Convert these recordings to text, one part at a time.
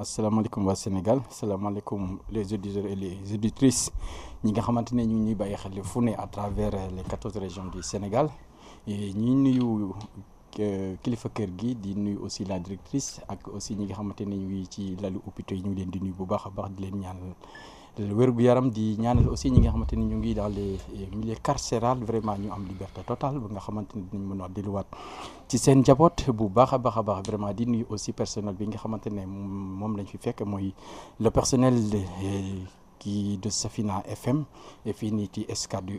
asalaamaaleykum waa Sénégal asalaamaaleykum les auditeurs et les auditrices ñi nga xamante ñu ñuy baye xel fune à travers les 14 régions du Sénégal ñi nuyu euh, kilifa kër gi di nuyu aussi la directrice ak aussi ñi nga xamante ñu ci lalu hôpital ñu ngi leen di nuyu bu baax a baax di leen ñaan wérgu yaram di ñaanal aussi ñi nga xamanteni ñu ngi dans les eh, milieux carcérales vraiment ñu am liberté totale ba nga xamante ni dinañ mën a delluwaat ci seen jabot bu baax a baax vraiment di nuyu aussi personnel bi nga xamanteni mom lañ fi fekk moy le personnel qui eh, de Safina FM et fii nii ci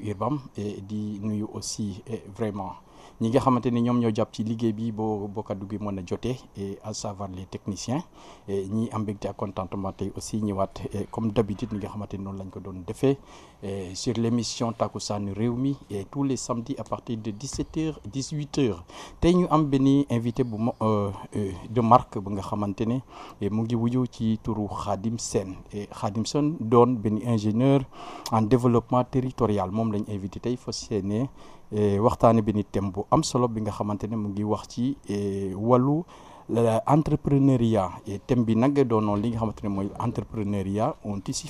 Urbam et di nuyu aussi eh, vraiment ñi nga xamante ni ñoom ñoo jàpp ci liggéey bi boo boo kaddu gi mën a jotee et à savoir les techniciens ñi am mbégte ak contentement tey aussi ñëwaat comme d'habitude ñi nga xamante ni noonu lañ ko doon defee sur l'émission Takkusaanu réew mi et tous les samedis à partir de 17h 18h tey ñu am benn invité bu ma euh, euh, de marque bu nga xamante ne mu ngi wuyu ci turu Khadim Sen et Khadim Sène doon benn ingénieur en développement territorial moom lañ invité tey fas yéene eh, waxtaane benn thème bu am solo bi nga ne ngi wax ci et eh, eh, tembi bi nag li nga entrepreneuriat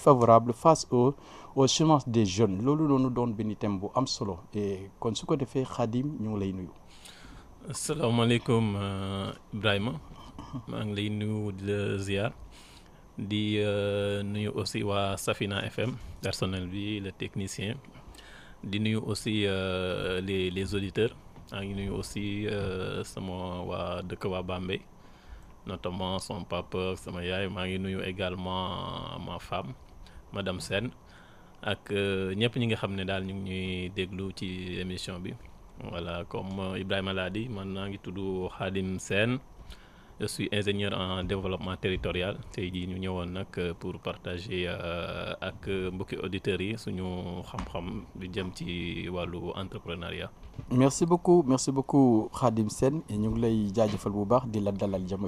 favorable face au au des jeunes loolu noonu doon benn am solo et kon su nous defee Khadim ñu ngi lay nuyu. asalaamaaleykum euh, Ibrahima maa ngi lay nuyu di ziar euh, aussi waa Safina FM personnel bi le technicien di nuyu aussi euh, les les auditeurs maa ngi nuyu aussi euh, sama waa dëkk waa Bambey notamment son papa sama yaay maa ngi nuyu également ma femme madame Sen, ak euh, ñëpp ñi nga xam ne daal ñu ngi ñuy déglu ci émission bi voilà comme euh, Ibrahima laa di man naa ngi tudd Khadim je suis ingénieur en développement territorial C'est jii ñu euh, pour partager euh, avec beaucoup d'auditeurs yi suñu xam-xam jëm ci entrepreneuriat. merci beaucoup merci beaucoup Khadim Sen. ñu ngi lay jaajëfal bu baax di la dalal jàmm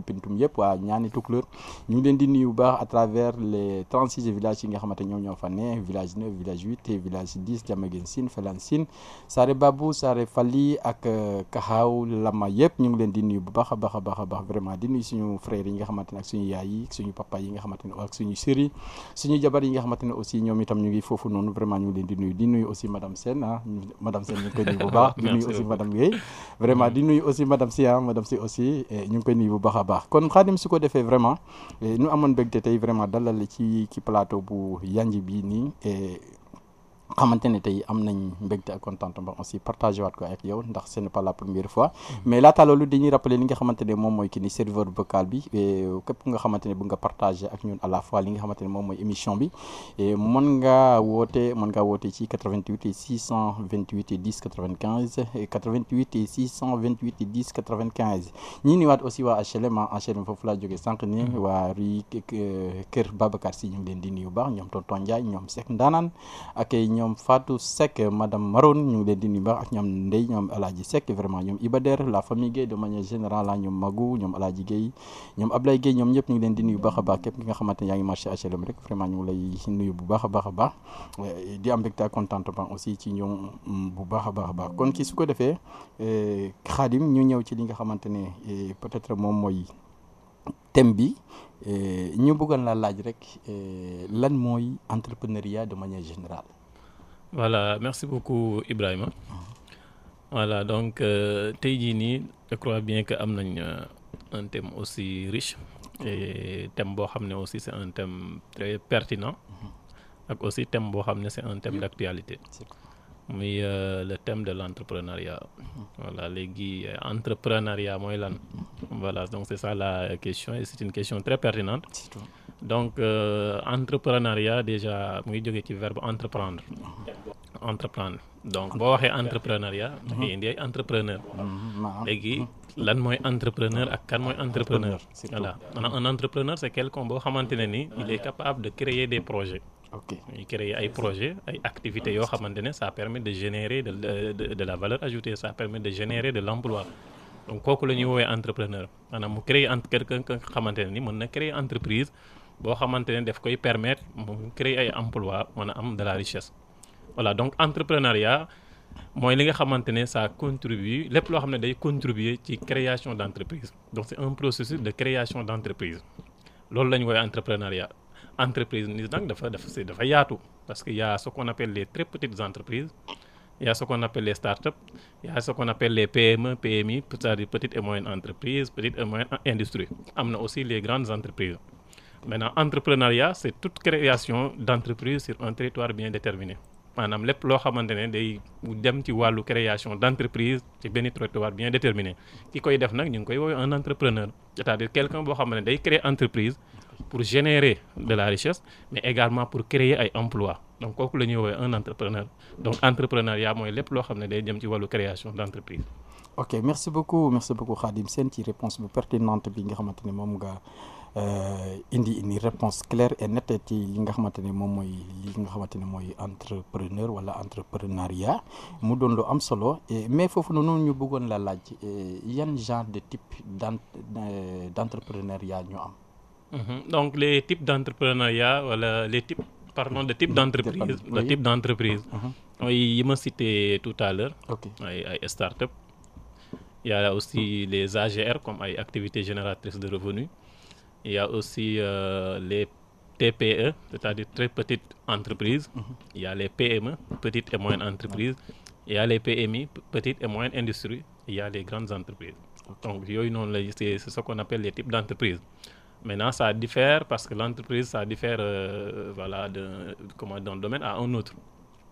Koumpentoum yep wa ñaani tukulóor ñu ngi leen di nuyu baax à travers les 36 villages yi nga xamanté ñoo ñoo fa né village 9 village 8 village 10 Diamaguène Sine Falansine sare babu sare Fali ak euh, kahaw Lama yep ñu ngi leen di nuyu bu baax a baax baax baax vraiment di nuyu suñu frère yi nga xamanté nak suñu yaay yi suñu papa yi nga xamanté ak suñu sœurs suñu jabar yi nga xamanté aussi ñoom itam ñu ngi fofu noonu vraiment ñu ngi leen di nuyu di nuyu aussi madame sen ah, madame sen ñu koy nuyu bu baax di nuyu aussi madame Guèye vraiment di nuyu aussi madame Si madame Si aussi ñu ngi koy nuyu bu baax baax kon khadim su ko defee vraiment eh, ñu amoon mbégte tey vraiment dalal la ci ci plateau bu yanj bi et eh, xamantene tay tey am nañ mbégte ak contentement aussi partagé wat ko ak yow ndax ce n'est pas la première fois mm-hmm. mais laata loolu dañuy rappeler li nga xamantene mom moy mooy ki ni serveur vocal bi euh, képp nga xamantene bu nga partager. ak ñun à la fois li nga xamantene mom moy émission bi mon nga woté mon nga woté ci 88 628 10 95 88 628 10 95 ñi ni wat aussi wa HLM HLM ah, fofu la joggé sank ni mm-hmm. wa rue kër Babacar si ñu ngi leen di nuyu baax ñom tonton Ndiaye ñoom Seck Ndanaan ak ñoom Fatou Seck madame Maroon ñu ngi leen di nuyu baax ak ñoom Ndeye ñoom El Hadj Seck vraiment ñoom Ibader la famille Guèye de manière générale la ah, ñoom Magou ñoom El Hadj Guèye ñoom Ablaye Guèye ñoom ñëpp ñu ngi leen di nuyu baax a baax képp ki nga xamante ne H&M ñu lay nuyu bu baax a baax a baax eh, di am mbégte ak contentement aussi ci ñoom mm, bu baax a baax a baax kon kii su ko defee eh, Khadim ñu ñëw ci li nga xamante ne eh, peut-être moom mooy thème bi. ñu bëggoon la laaj rek lan mooy entrepreneuriat de manière générale voilà merci beaucoup Ibrahim. voilà donc euh, je crois bien que y euh, un thème aussi riche. et thème aussi c'est un thème très pertinent. et mm-hmm. aussi thème c'est un thème d'actualité muy euh, le thème de l'entrepreneuriat, entrepreneuriat voilà léegi euh, entrepreneuriat mooy lan voilà donc c'est ça la question et une question très pertinente donc euh, entrepreneuriat déjà muy jógee ci verbe entreprendre entreprendre donc boo waxee entrepreneuriat il indi ay entrepreneur mm-hmm. Mm-hmm. léegi lan mooy entrepreneur ak kan entrepreneur voilà un entrepreneur c'est quelqu'un qui il est capable de créer des projets ok créer ay projet ay activités yoo xamante ça permet de générer de de la valeur ajoutée ça permet de générer de l'emploi donc kooku la ñuy woowee entrepreneur maanaam mu créer entre quelqu'un nga xamante ne ni mën na créer entreprise boo xamante ne daf koy permettre créer ay emploi mën a am de la richesse voilà donc entrepreneuriat mooy li nga xamante ne ça contribue lépp loo xam ne day contribuer ci création d'entreprise donc c'est un processus de création d'entreprise loolu la ñu woowee entrepreneuriat entreprise c'est de faire c'est dafa parce qu'il y a ce qu'on appelle les très petites entreprises il y a ce qu'on appelle les startups il y a ce qu'on appelle les PME PMI c'est-à-dire petites et moyennes entreprises petites et moyennes industries y a aussi les grandes entreprises maintenant entrepreneuriat c'est toute création d'entreprise sur un territoire bien déterminé manam lepp lo xamantene day dem ci walu création d'entreprise ci un territoire bien déterminé ki koy def nak ñu koy un entrepreneur c'est-à-dire quelqu'un qui xamantene créé day entreprise pour générer de la richesse, mais également pour créer un emploi donc quoi que nous un entrepreneur donc entrepreneuriat c'est le plus important ne la création d'entreprise ok merci beaucoup merci beaucoup Khadim C'est une réponse pertinente bi nga euh, indi indi réponse claire et nette ci li nga xamantene mom moy li nga xamantene moy entrepreneur wala entrepreneuriat mu doon lu am solo mais fofu noonu ñu bëggoon la laaj euh, genre de type euh, d'entrepreneuriat Mhm. Donc les types d'entrepreneuriat, voilà, les types, pardon, de types d'entreprise, le type d'entreprise. Mhm. Oui, il m'a cité tout à l'heure, les startups. Il y a aussi les AGR comme les activités génératrices de revenus. Il y a aussi euh, les TPE, c'est-à-dire très petites entreprises. Mhm. Il y a les PME, petites et moyennes entreprises. Il y a les PMI, petites et moyennes industries. Il y a les grandes entreprises. Donc, c'est ce qu'on appelle les types d'entreprises. Maintenant, ça diffère parce que l'entreprise, ça diffère euh, voilà, d'un domaine à un autre.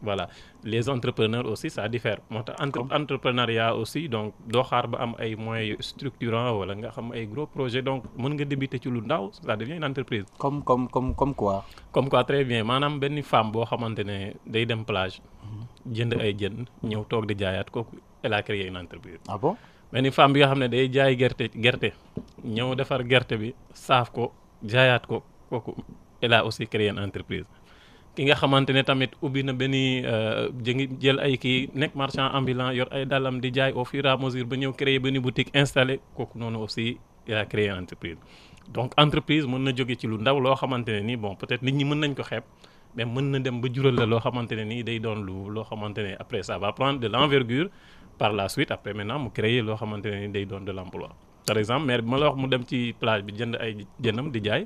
Voilà. Les entrepreneurs aussi, ça diffère. Entre, entrepreneuriat aussi, donc, il y a des moyens structurants wala gros projets donc si nga débuter ci lu ça devient une entreprise. Comme quoi Comme quoi très bien. J'ai une femme qui xamante day dem plage mhm. jënd ay elle a créé une entreprise. Ah bon benn femme bi nga xam ne day jaay gerte gerte ñëw defar gerte bi saaf ko jaayaat ko kooku elle a aussi créé une entreprise ki nga xamante ne tamit ubbi na benn euh, jëngi jël ay kii nekk marchand ambulant yor ay dalam di jaay au fur et à mesure ba ñëw créer benn boutique installé kooku noonu aussi elle a créé une entreprise donc entreprise mën na jóge ci lu ndaw loo xamante ne nii bon peut-être nit ñi mën nañ ko xeeb mais mën na dem ba jural la loo xamante ne nii day doon lu loo xamante ne après ça va prendre de l'envergure par la suite après maintenant mu créer lo xamanteni ne ni day de l'emploi par exemple maire bi ma la wax mu dem ci plage bi jënd ay jënam di jaay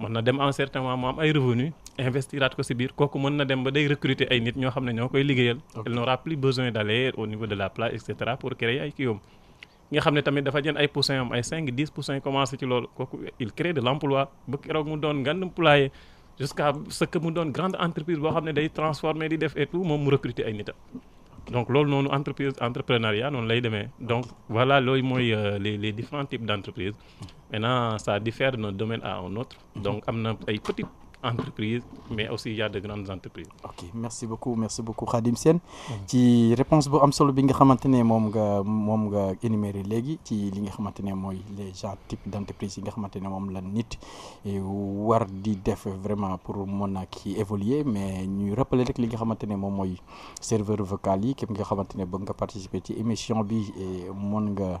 mën na dem en certain moment mu am ay revenu investiraat ko si biir kooku mën na dem ba day recruter ay nit ñoo xam ne ñoo koy liggéeyal il n'aura plus besoin d'aller au niveau de la plage et cetera pour créer ay kiyoom nga xam ne tamit dafa jënd ay poussin am ay 5 10 poussin commencé ci loolu kooku il crée de l'emploi ba keroog mu doon ngand emploi jusqu'à ce que mu doon grande entreprise boo xam ne day transformer di def et tout moom mu recruter ay nitam donc loolu noonu entreprise entrepreneuriat noonu lay donc voilà euh, les les différents types d'entreprises maintenant ça diffère d'un domaine à un autre mhm. donc am na ay entreprises, mais aussi il y a de grandes entreprises. ok merci beaucoup merci beaucoup Khadim Sen ci réponse bu am solo bi nga xamantene mom moom nga moom nga énuméré légui ci li nga xamantene moy les gens types d'entreprise, nga xamantene mom la nit war di def vraiment pour mon qui évoluer mais ñu rappeler rek li nga xamantene mom moy serveur vocal yi képp nga xamantene bu nga participer ci émission bi mon nga.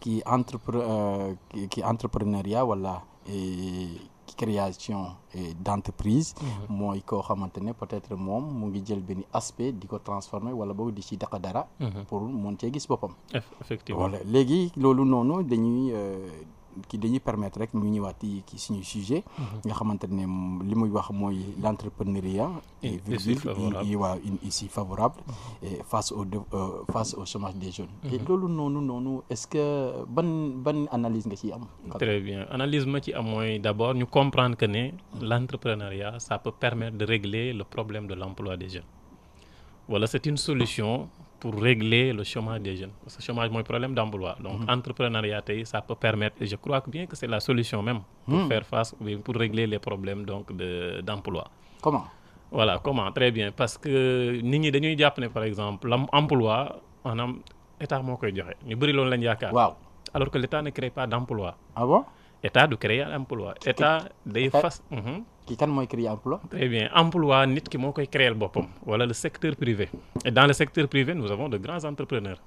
qui, entrepre, euh, qui, qui entrepreneuriat wala et création d'entreprise entreprise. mooy koo xamante ne peut-être moom mon ngi jël aspect dico transformer wala beaucoup di ci daq pour monter gis boppam. effectivement voilà léegi non des dañuy qui dañuy permettre rek ñu ñëwaat ci suñu sujet nga avons li muy wax moy l'entrepreneuriat et virgule yi wa une ici favorable face au euh, face au chômage des jeunes et mhm. loolu noonu noonu est ce que ban ban analyse nga ci am très bien analyse ma ci am moy d'abord ñu comprendre que l'entrepreneuriat ça peut permettre de régler le problème de l'emploi des jeunes voilà c'est une solution pour régler le chômage des jeunes. Ce chômage, c'est problème d'emploi. Donc, mmh. ça peut permettre, et je crois bien que c'est la solution même pour mm. faire face, pour régler les problèmes donc d'emploi. comment Voilà, comment Très bien. Parce que nous, nous par exemple, l'emploi, on a l'État qui wow. Alors que l'État ne crée pas d'emploi. Ah bon état du créer emploi état day fas mhm. qui créer emploi très bien emploi le secteur privé et dans le secteur privé nous avons de grands entrepreneurs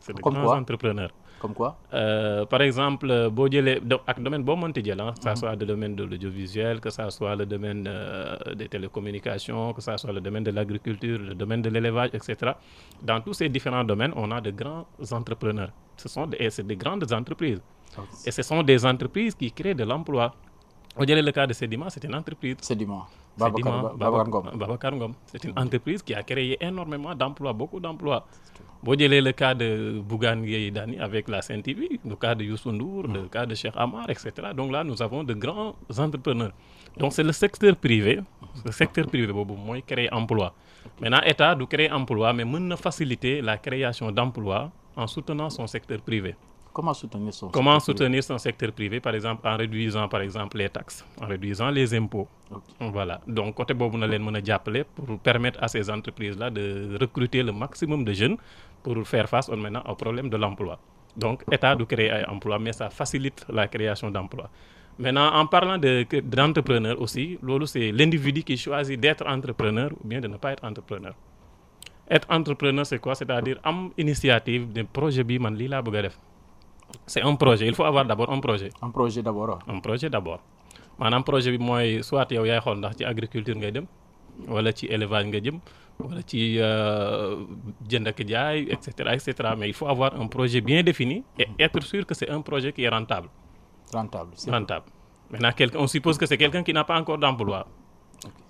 c'est de grands entrepreneurs comme quoi euh, par exemple dans domaine hein, que ça mhm. soit le domaine de l'audiovisuel que ça soit le domaine euh, des télécommunications que ça soit le domaine de l'agriculture le domaine de l'élevage etc dans tous ces différents domaines on a de grands entrepreneurs ce sont des, c'est des grandes entreprises et ce sont des entreprises qui créent de l'emploi. le cas de Sedima, c'est une entreprise. Sedima. Babacar, Ngom. C'est une mm. entreprise qui a créé énormément d'emplois, beaucoup d'emplois. Vous le cas de Bougan Dani avec la saint le cas de Youssou Ndour, le mm. cas de Cheikh Amar, etc. Donc là, nous avons de grands entrepreneurs. Donc c'est le secteur privé, mm. le secteur privé, qui crée emploi. Maintenant, l'État doit créer emploi, mais peut faciliter la création d'emplois en soutenant son secteur privé. Comment soutenir son, Comment secteur, soutenir privé? son secteur privé, par exemple, en réduisant par exemple les taxes, en réduisant les impôts. Voilà. Donc, côté appelé pour permettre à ces entreprises-là de recruter le maximum de jeunes pour faire face maintenant au problème de l'emploi. Donc, État de créer un emploi, mais ça facilite la création d'emplois. Maintenant, en parlant d'entrepreneur aussi, c'est l'individu qui choisit d'être entrepreneur ou bien de ne pas être entrepreneur. Être entrepreneur, c'est quoi C'est-à-dire, am initiative d'un projet, biman lila, c'est un projet il faut avoir d'abord un projet. un projet d'abord un projet d'abord maanaam projet bi mooy soit yow yaay xool ndax ci agriculture ngay dem wala ci élevage nga jëm wala ci euh, jënd ak jaay et cetera mais il faut avoir un projet bien défini et être sûr que c'est un projet qui est rentable. rentable rentable. maintenant on suppose que c'est quelqu'un qui n'a pas encore d'emploi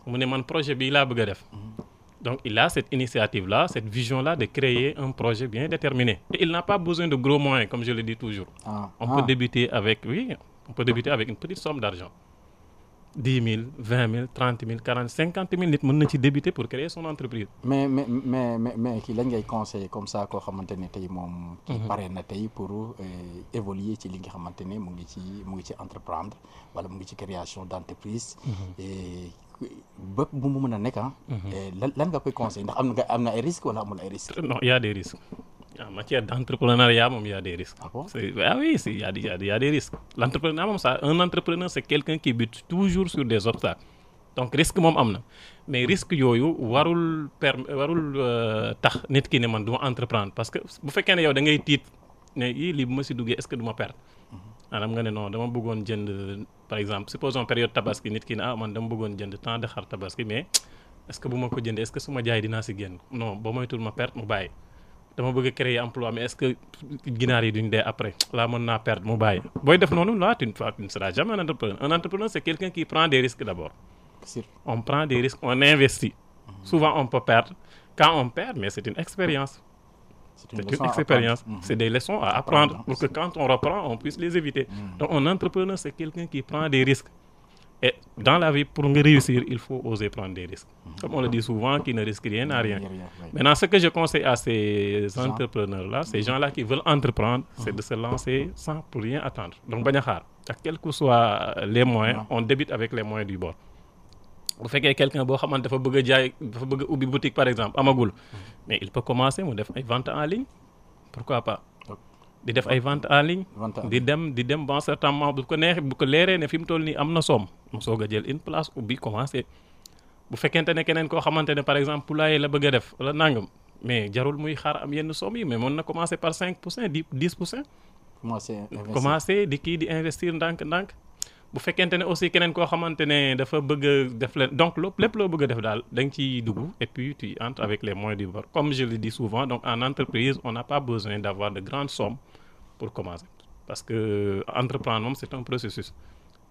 mu ne man projet bii laa bëgg a def. Mhm. Donc il a cette initiative-là, cette vision-là de créer un projet bien déterminé. Et il n'a pas besoin de gros moyens, comme je le dis toujours. Ah, on peut ah. débuter avec, oui, on peut débuter avec une petite somme d'argent. 10 000, 20 000, 30 000, 40 000, 50 000 nit peut débuter pour créer son entreprise. mais mais mais mais kii comme ça koo xamante ne mhm. pour euh, évoluer ci li entreprendre wala mu ci entreprise. Mhm. bépp bu mu mën a nekk ah. lan lan nga koy conseil ndax am na am na ay risques wala amul ay risques. non y' ya a des risques en ya, matière d' entrepreneuriat moom y' ya a des risques. ah bon ah oui si y' a des y' a des risques l' entrepreneur moom ça un entrepreneur c' est quelqu'un qui bute toujours sur des obstacles donc risque moom am na mais risque yooyu warul per warul euh, tax nit ki ne man du ma entreprendre parce que bu fekkee ne yow da ngay tiit ne yii lii bu ma si duggee est ce que du ma perte. maanaam nga ne non dama bëggoon jënd par exemple supposons période tabaski nit ki ne ah man dama bëggoon jënd temps de xar tabaski mais est ce que bu ma ko jëndee est ce que suma ma jaay dinaa si génn non ba may moytul ma perte mu bàyyi dama bëgg a créer emploi mais est ce que ginaar yi duñ dee après laa mën naa perte mu bàyyi booy def noonu là tu ne seras jamais un entrepreneur un entrepreneur c' est quelqu'un qui prend des risques d' abord on prend des risques on investit mhm. souvent on peut perdre quand on perd mais c' est une expérience c'est une expérience. Mhm. C'est des leçons à apprendre, pour que quand on reprend, on puisse les éviter. Mhm. Donc, un entrepreneur, c'est quelqu'un qui prend des risques. Et dans la vie, pour réussir, il faut oser prendre des risques. Mhm. Comme on le dit souvent, qui ne risque rien n'a rien. Maintenant, ce que je conseille à ces entrepreneurs-là, ces gens-là qui veulent entreprendre, c'est de se lancer sans pour rien attendre. Donc, Banyahar, quels que soient les moyens, on débute avec les moyens du bord bu fekkee quelqu'un boo xamante dafa bëgg a jaay dafa bëgg a ubbi boutique par exemple amagul mais il peut commencer mu def ay vente en ligne pourquoi pas. di def ay vente en ligne. di dem di dem bon certain moment bu ko neexee bu ko leeree ne fi mu toll nii am na soom mu soog a jël une place ubbi commencer bu fekkente ne keneen koo xamante ne par exemple poulailler la bëgg a def wala nangam mais jarul muy xaar am yenn soom yi mais mën na commencer par 5 pour cent 10 pour cent. commencer commencer di kii di investir ndànk-ndànk bu fekkente ne aussi keneen koo xamante ne dafa bëgg a def le donc lépp loo bëgg a def daal da nga ciy dugg et puis tu entres avec les moyens du bord comme je le dis souvent donc en entreprise on n'a pas besoin d'avoir de grandes sommes pour commencer parce que euh, entreprendre moom c'est un processus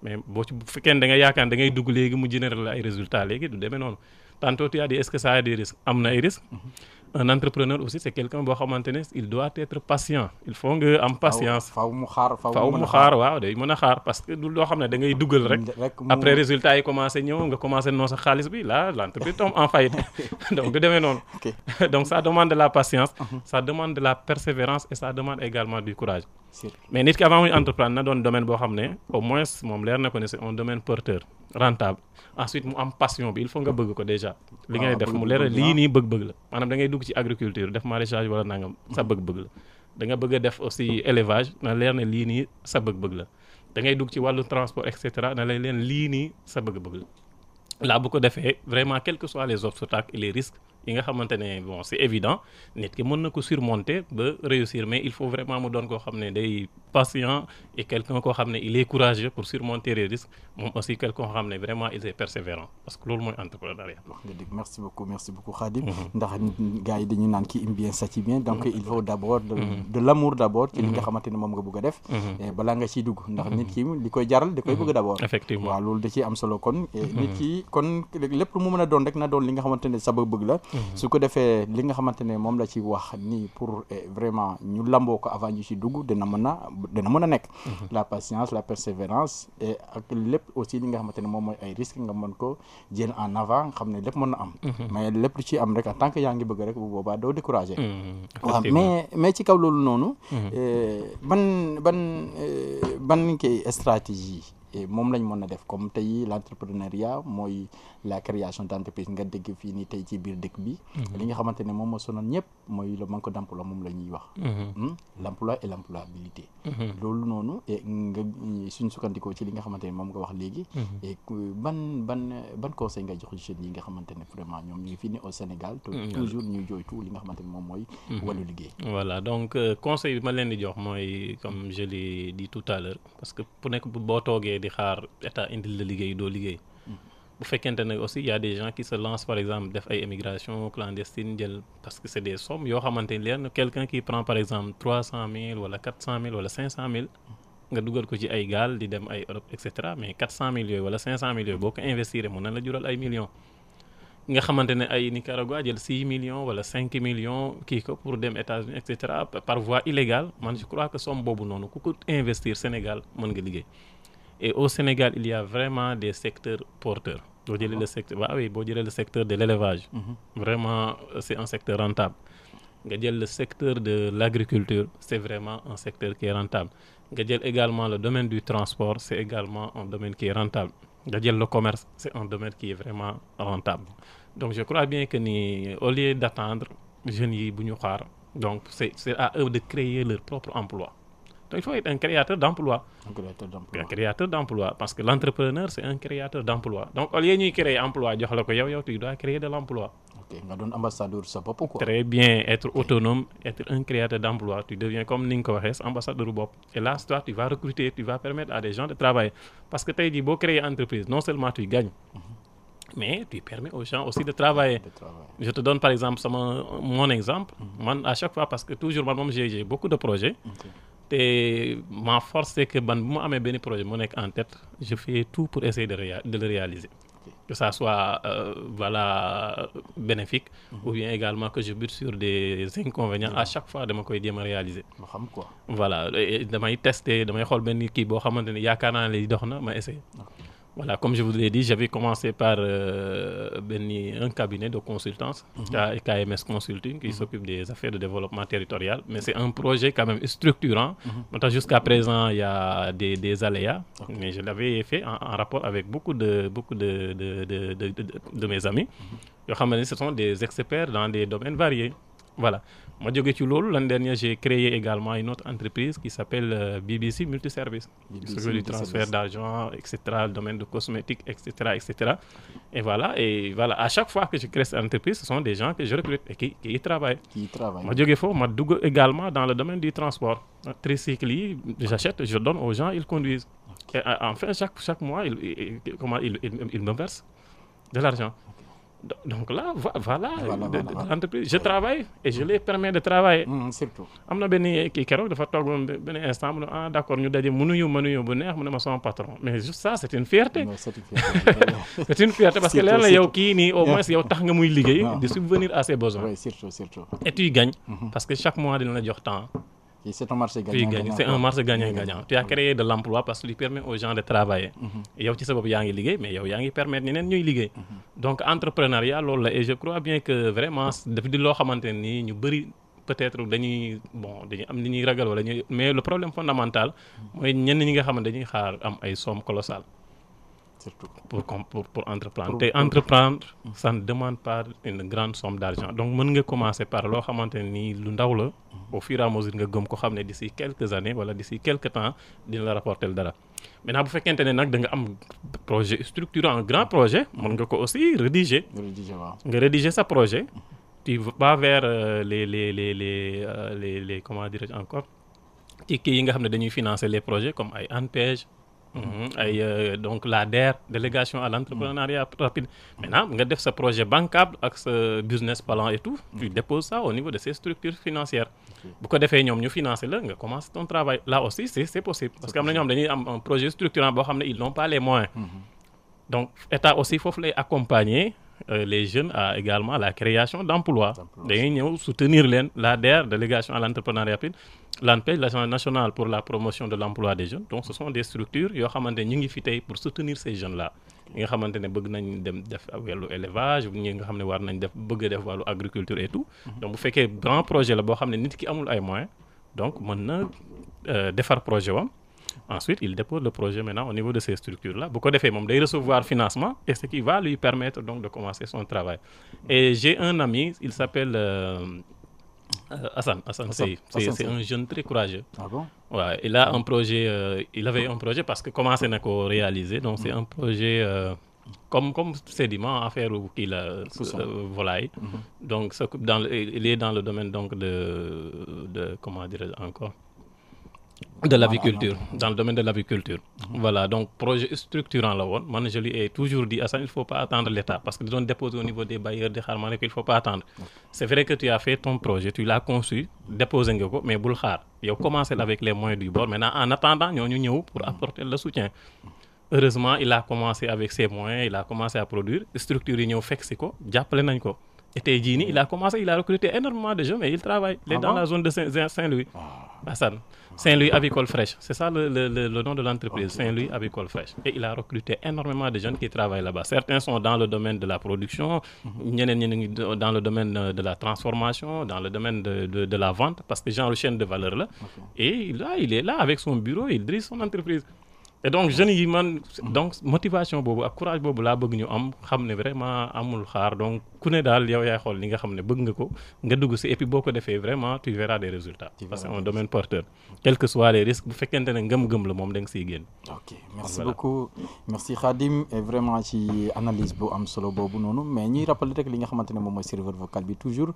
mais boo ci bu fekkee da nga yaakaar da ngay dugg léegi mu générer la ay résultats léegi du demee noonu tantôt tu as dit est-ce que ça a des risques am na ay risques. Mm-hmm un entrepreneur aussi c'est quelqu'un bo xamantene il doit être patient il faut nga en patience. Faut mu xaar faaw mu xaar waaw day mën xaar parce que du loo ne da ngay dugal rek. après résultat yi commencé ñew nga commencé non sa xaalis bi là l'entreprise tombe en faillite donc du demee non donc ça demande de la patience. Uh-huh. ça demande de la persévérance et ça demande également du courage. mais nit ki avant muy entreprendre na doon domaine bo au moins mom leer na ko ne c'est un domaine porteur. rentable ah, ensuite mu am passion bi il faut nga bëgg ko déjà li ngay ah, def mu leer lii nii bëgg-bëgg la maanaam da ngay dugg ci agriculture def maraîchage wala nangam sa bëgg-bëgg la da nga bëgg a def aussi élevage na leer ne lii nii sa bëgg-bëgg la da ngay dugg ci wàllu transport et cetera na lay leen lii nii sa bëgg-bëgg la bu ko defee vraiment quel que soit les obstacles et les risques yi nga xamante ne bon c'est évident nit ki mën na ko surmonter ba réussir mais il faut vraiment mu doon koo xam ne day patient et quelqu'un koo xam ne il est courageux pour surmonter les risques moom aussi quelqu'un koo xam ne vraiment il est persévérant parce que loolu mooy entrepreneuriat. wax nga dëgg merci beaucoup merci beaucoup Khadim. Mm-hmm. ndax gars yi dañu naan ki im bien sati bien donc mm-hmm. il faut d'abord. Mm-hmm. de l'amour d'abord. ci li nga xamante ne moom nga bëgg a def. balaa nga ciy dugg ndax nit ki li koy jaral da koy bëgg d'abord. effectivement waaw loolu da ciy am solo kon. nit ki kon lépp lu mu mën a doon rek na doon li nga xamante ne sa bëgg la su ko defee li nga xamante ne moom la ci wax nii pour eh, vraiment ñu lamboo ko avant ñu ci dugg dina mën a dina mën a nekk mhm. la patience la persévérance et ak lépp aussi li nga xamante ne moom mooy ay risques nga mën ko jël en avant xam ne lépp mën na am mhm. mais lépp ci am rek en tant que yaa ngi bëgg rek bu boobaa doo découragé mhm. waaw mais mais ci kaw loolu noonu eh, ban ban eh, ban kay stratégie et mom lañ mën a def comme tay l'entrepreneuriat moy la création d'entreprise nga dégg fi ni tay ci bir dëkk bi. Mhm. li nga xamante mom moom sonon sonal ñëpp mooy le manque d'emploi mom moom ñuy wax. Mhm. Hmm? l' emploi et l'employabilité employabilité. Mhm. loolu noonu et nga suñ sukkandikoo ci li nga xamante mom moom nga wax légui et ban ban ban conseil nga jox jeunes yi nga xamante vraiment ñom ñi ngi fii au Sénégal. toujours ñuy jooytu li nga xamante mom moy walu wàllu liggéey. voilà donc euh, conseil bi ma leen di jox moy comme je l'ai dit tout à l'heure parce que bu nek bo toogee di xaar état indil la liggéey doo liggéey. bu fekkente ne aussi y a des gens qui se lancent par exemple def ay émigration clandestine jël parce que c'est des sommes yoo xamante ni leen quelqu'un qui prend par exemple trois cent mille wala quatre cent mille wala cinq cent mille nga dugal ko ci ay gaal di dem ay Europe et cetera mais quatre cent mille yooyu wala cinq cent mille yooyu boo ko investir mun na la jural ay millions. nga xamante ne ay Nicaragua jël six millions wala cinq millions kii ko pour dem États-Unis et cetera par voie illégale man je crois que somme boobu noonu ku ko investir Sénégal mën nga liggéey. Et au Sénégal, il y a vraiment des secteurs porteurs. Vous direz le secteur bah oui le secteur de l'élevage. Mhm. Vraiment, euh, c'est un secteur rentable. le secteur de l'agriculture c'est vraiment un secteur qui est rentable également le domaine du transport c'est également un domaine qui est rentable le commerce c'est un domaine qui est vraiment rentable donc je crois bien que ni euh, au lieu d'attendre je yi donc c'est à eux de créer leur propre emploi donc il faut être un créateur d'emploi. Un créateur d'emploi. Un créateur d'emploi. Parce que l'entrepreneur, c'est un créateur d'emploi. Donc au lieu de créer emploi, tu dois créer de l'emploi. Ok, ambassadeur Très bien, être autonome, être un créateur d'emploi. Tu deviens comme Ninko Hess, ambassadeur Et là, toi, tu vas recruter, tu vas permettre à des gens de travailler. Parce que tu as dit, beau créer entreprise, non seulement tu gagnes. Mhm. mais tu permets aux gens aussi de travailler. Je te donne par exemple mon, mon exemple. moi, mhm. à chaque fois, parce que toujours moi-même, j'ai beaucoup de projets et ma force c'est que man bu ma amee benn projet en tête je fais tout pour essayer de le réaliser que ça soit euh, voilà bénéfique mhm. ou bien également que je bute sur des inconvénients à chaque fois ma koy jéem a réaliser ma xam quoi voilà damay tester damay xool benn kii boo xamante ne yaakaar naa ma essayer voilà, comme je vous l'ai dit, j'avais commencé par euh, ben, un cabinet de consultance, mhm. KMS Consulting, qui mhm. s'occupe des affaires de développement territorial. Mais c'est un projet quand même structurant. Mhm. Jusqu'à présent, il y a des, aléas, mais je l'avais fait en, rapport avec beaucoup de, beaucoup de, de, de, de mes amis. Ce sont des experts dans des domaines variés. Voilà. Moi, l'an dernier, j'ai créé également une autre entreprise qui s'appelle euh, BBC Multiservice. que le transfert d'argent, etc., le domaine de cosmétiques, etc., etc. Et voilà, et voilà. À chaque fois que je crée cette entreprise, ce sont des gens que je recrute et qui, qui y travaillent. Qui y travaillent. Moi, je également dans le domaine du transport. Tricycle, j'achète, je donne aux gens, ils conduisent. Et enfin, chaque, chaque mois, comment, ils, ils me versent de l'argent donc là voilà. entreprise je travaille et je les permets de travailler. Mm, surtout amna ben ki kii keroog dafa toog ben instant mu ne ah d'accord accord ñu daje mënuñu mënuñu bu neex mu patron mais juste ça c'est une fierté. C'est une fierté parce que là, yow ki ni au moins yow tax nga muy liggéey. de subvenir à ses besoins. surtout et tu gagnes. Mm-hmm. parce que chaque mois dina la jox temps. c'est un marché gagnant-gagnant. C'est un marché gagnant-gagnant. Mmh. Tu en créé de l'emploi parce que tu permets aux gens de travailler. Mmh. yow ci sa yaa ngi liggéey mais yow yaa ngi permettre ñeneen ñuy liggéey. Mmh. donc entrepreneuriat loolu la et je crois bien que vraiment daf di loo xamante ne nii ñu bëri peut-être dañuy bon dañuy am li ñuy ragal wala ñuy mais le problème fondamental mooy ñenn ñi nga xamante dañuy xaar am ay somme colossale pour, pour, pour, entreprendre. Pour, entreprendre, ça ne demande pas une grande somme d'argent. Donc, vous pouvez commencer par lo xamanteni lu ndaw la mhm. au fur et à mesure nga gëm ko xamné d'ici quelques années voilà d'ici quelques temps dina rapporter rapporter dara. Maintenant bu fekkenté un nak da nga am projet Structuré, un grand projet, mën nga aussi rédiger. Rédiger rédiger sa projet, mhm. tu vas vers euh, les les les les, euh, les les comment dirais-je encore qui qui nga xamné financer les projets comme ay ANPEJ ay mhm. euh, donc la DER délégation à l'entrepreneuriat mhm. rapide maintenant nga def ce projet bancable avec ce business plan et tout tu mhm. déposes ça au niveau de ces structures financières bu ko defee ñoom ñu financer la commence ton travail là aussi c'est possible parce que am un projet structurant ils n'ont pas les moyens donc état aussi faut les accompagner euh, les jeunes à également la création d'emplois. Ils soutenir l'ADR, la délégation à l'entrepreneuriat l'agence nationale pour la promotion de l'emploi des jeunes donc ce sont des structures qui ont ñu pour soutenir ces jeunes là. ils ont xamante l'élevage, bëgg nañ dem def et tout. Mhm. donc bu un grand projet la boo xam ne nit ki amul ay moyens donc maintenant na euh, faire projet ensuite il dépose le projet maintenant au niveau de ces structures là beaucoup d'effets membres il recevoir financement et ce qui va lui permettre donc de commencer son travail et j'ai un ami il s'appelle Hassan, euh, euh, c'est un jeune très courageux. Ah bon ouais, il a un projet, euh, il avait un projet parce que commencer n'a qu'à réaliser, donc c'est mm. un projet comme comme sédiment à faire ou qu'il a volaille. Mm-hmm. dans, il est dans le domaine donc de, de comment dire encore de l'aviculture dans le domaine de l'aviculture voilà donc projet structurant là bas moi je lui ai toujours dit ça il faut pas attendre l'État parce qu'ils ont déposé au niveau des bailleurs des charmants, il ne faut pas attendre c'est vrai que tu as fait ton projet tu l'as conçu déposé mais mais bul il commencé avec les moyens du bord maintenant en attendant sommes venus pour apporter le soutien heureusement il a commencé avec ses moyens il a commencé à produire structure il il a commencé, il a recruté énormément de gens, mais il travaille. Il est ah dans la zone de Saint-Louis. Ah. Saint-Louis Avicole Fraîche. C'est ça le, nom de l'entreprise, Saint-Louis Avicole Fraîche. Et il a recruté énormément de jeunes qui travaillent là-bas. Certains sont dans le domaine de la production, dans le domaine de la transformation, dans le domaine de, la vente, parce que genre chaîne de valeur là. Et là, il est là avec son bureau, il dirige son entreprise et donc je yi man donc motivation boobu ak courage boobu bëgg ñu am vraiment amul xaar donc ku ne yow yaay li et puis vraiment tu verras des résultats. parce que un domaine porteur. quel que soit les risques bu fekkente ne ngëm-ngëm ok merci beaucoup merci Khadim vraiment analyse bu am solo mais serveur vocal bi toujours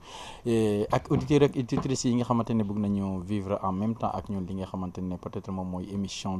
ak ak yi nga vivre en même temps ak li peut-être émission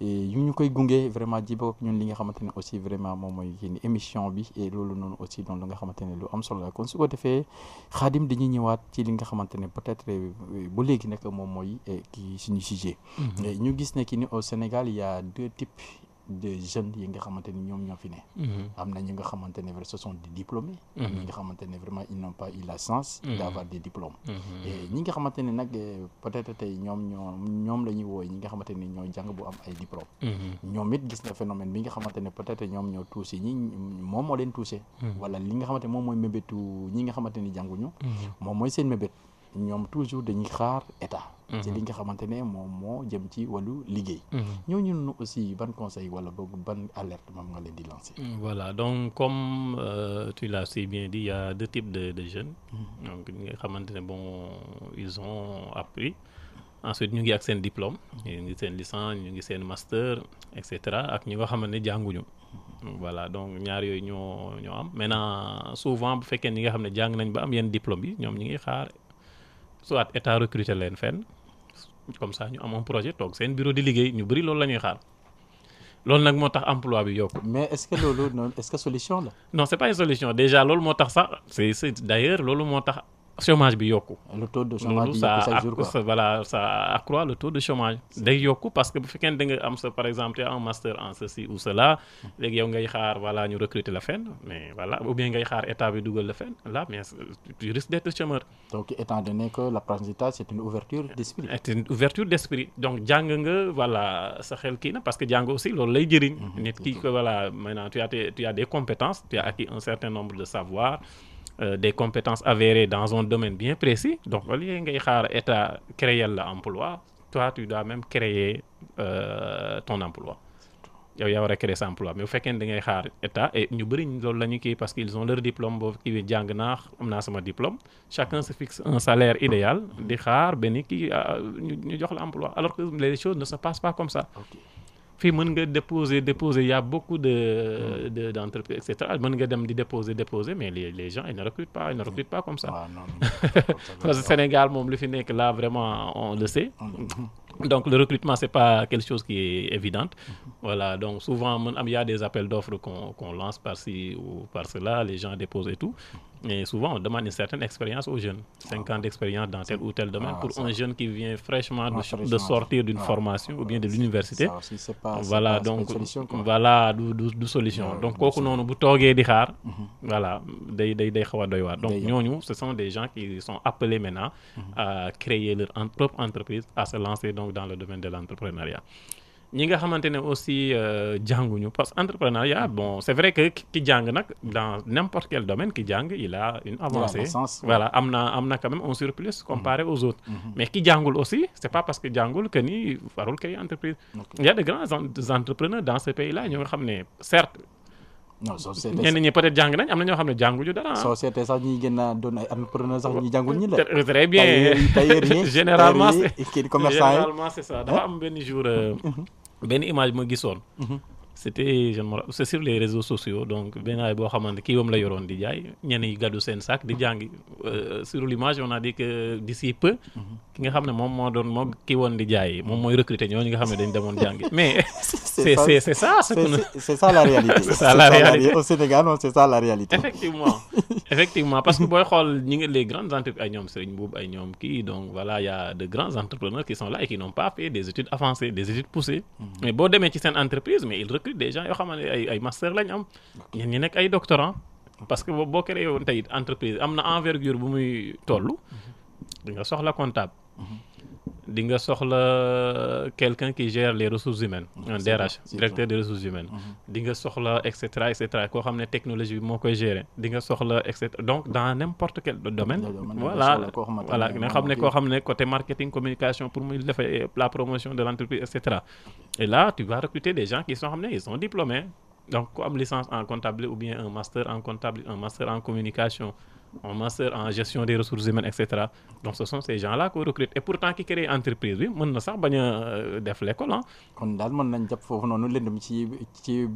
yooyu ñu koy gungé vraiment ji bopp ñun li nga xamante aussi vraiment moom mooy génn émission bi et lolu non aussi doon lu nga xamante lu am solo la kon su ko defee xaadim dañuy ñëwaat ci li nga xamante peut-être euh, bu légui nag moom mooy euh, kii suñu sujet mhm. ñu gis né ki ni au Sénégal il y a deux types de jeunes yi nga xamante ñom ñoo fi ne. Mhm. amna ñi nga xamante vraiment ce sont des diplômés. Mhm. ñi nga xamante ne vraiment ils n'ont pas eu la chance. Mhm. d'avoir des diplômes. et ñi nga xamante ne eh, peut-être tay ñom ñoo ñom lañuy woy ñi nga xamante ne ñoo jang bu am ay diplômes. ñom it gis na phénomène bi nga xamante ne peut-être ñom ñoo touché ñi mom mo leen touché. wala li nga xamante ne moy mooy ñi nga xamante ni jànguñu. moom seen mébét ñom toujours dañuy xaar état. Mhm. ci li nga xamantene mom mo jëm ci walu liggéey. Mhm. ñoo ñun aussi ban conseil wala ban alerte mom nga leen di lancer. Mm, voilà donc comme euh, tu l'as si bien dit il y a deux types de de jeunes. Mm. donc nga xamantene bon ils ont appris. ensuite ñu ngi ak seen diplôme. Mhm. ñu ngi seen licence ñu ngi seen master etc ak ñi nga xamantene ne jànguñu. voilà donc ñaar yooyu ñoo ñoo am maintenant souvent bu fekkee ñi nga xam ne jàng nañ ba am yenn diplôme bi ñoom ñi ngi xaar. soit état recruter leen fen comme ça ñu amoon projet toog seen bureau di liggéey ñu bëri loolu la ñuy xaar loolu nag moo tax emploi bi yokku. mais est-ce que est-ce solution la. non c'est pas une solution déjà loolu moo tax sax c'est c'est loolu moo tax. chômage bi yokku. le taux de chômage bi yokku ça voilà ça accroît le taux de chômage. day mm. yokku parce que bu fekkee nga am sa par exemple un master en ceci ou cela mm. léegi yow ngay xaar voilà ñu recruter la fenn mais voilà ou bien ngay xaar état bi dugal la fenn là mais tu risques d'être chômeur. donc étant donné que l'apprentissage c'est une ouverture d'esprit. c'est une ouverture d'esprit donc jang nga voilà sa xel ki na parce que jang aussi loolu lay jëriñ. Mm-hmm. nit ki que voilà maintenant tu as tu as des compétences tu as acquis un certain nombre de savoirs. Euh, des compétences avérées dans un domaine bien précis donc au lieu ngay créer l'emploi, toi tu dois même créer euh, ton emploi Il y a des cet emploi mais au fait, ne état et nous, bëri nous, parce qu'ils ont leur diplôme qui diplôme chacun se fixe un salaire idéal di benn euh, alors que les choses ne se passent pas comme ça puis, mën déposer il y' a beaucoup de de d' et cetera mën déposer déposer mais les gens ils ne recrutent pas ils ne recrutent pas comme ça. Ah, Sénégal là vraiment on le sait. Mm-hmm. Donc le recrutement, ce n'est pas quelque chose qui est évident. Mm-hmm. Voilà, donc souvent, il y a des appels d'offres qu'on lance par-ci ou par-cela, les gens déposent et tout. Et souvent, on demande une certaine expérience aux jeunes. 50 ans d'expérience dans tel ou tel domaine. Ah, pour un jeune qui vient fraîchement de, ah, sortir d'une ah. formation ou bien de l'université. Voilà, donc, voilà, solution. donc, quoi non, mhm. Voilà, Donc, nous ce sont des gens qui sont appelés maintenant mhm. à créer leur propre entreprise, à se lancer donc dans le domaine de l'entrepreneuriat ñi nga xamantene aussi euh, jànguñu parce que entrepreneuriat mm. bon c'est vrai que ki jang dans n'importe quel domaine ki jang il a une avancée voilà amn'a amn'a quand même un surplus comparé mm-hmm. aux autres mm-hmm. mais ki jàngul aussi c'est pas parce que jàngul que ni warul créer entreprise il y a de grands entrepreneurs dans ce pays là ñoo nga certes non ce ah. seetee ñi peut-être jang nañ am na ñoo xam jangu a ay entrepreneur très bien généralement c'est ça dafa am hein? jour euh, mhm. image ma mhm. c'était c'est sur les réseaux sociaux donc benn ay a xamante ki la yoron di jaay yi sac di euh, sur l'image on a dit que d'ici peu mhm ki nga xam ne moom moo doon moom ki woon di jaay moom mooy recruter ñooñu nga xam ne dañ demoon jàngi mais c'est c'est c'est ça ce que c'est ça la réalité c'est ça la réalité au Sénégal non c'est ça la réalité effectivement effectivement parce que booy xool ñi nga les grandes entreprises ay ñoom Serigne Boub ay ñoom kii donc voilà y a de grands entrepreneurs qui sont là et qui n'ont pas fait des études avancées des études poussées mhm. mais boo demee ci seen entreprise mais ils recrutent des gens yoo xam ne ay ay master lañ am ñen ñi nekk ay doctorants parce que boo créé woon tey entreprise am na envergure bu muy toll mhm. di nga soxla comptable di nga soxla quelqu'un qui gère les ressources humaines mhm. un DRH directeur des ressources humaines mhm. di nga soxla et cetera et cetera technologie bi koy gérer di nga soxla et donc dans n'importe quel domaine voilà voilà nga xam ne koo côté marketing communication pour la promotion de l'entreprise et et là tu vas recruter des gens qui sont xam ils sont diplômés donc comme am licence en comptable ou bien un master en comptable un master en communication en master en gestion des ressources humaines etc. donc ce sont ces gens là qu'on recrute et pourtant créent une entreprise oui, on na sax pas euh, faire l'école Donc hein. nañ ci ci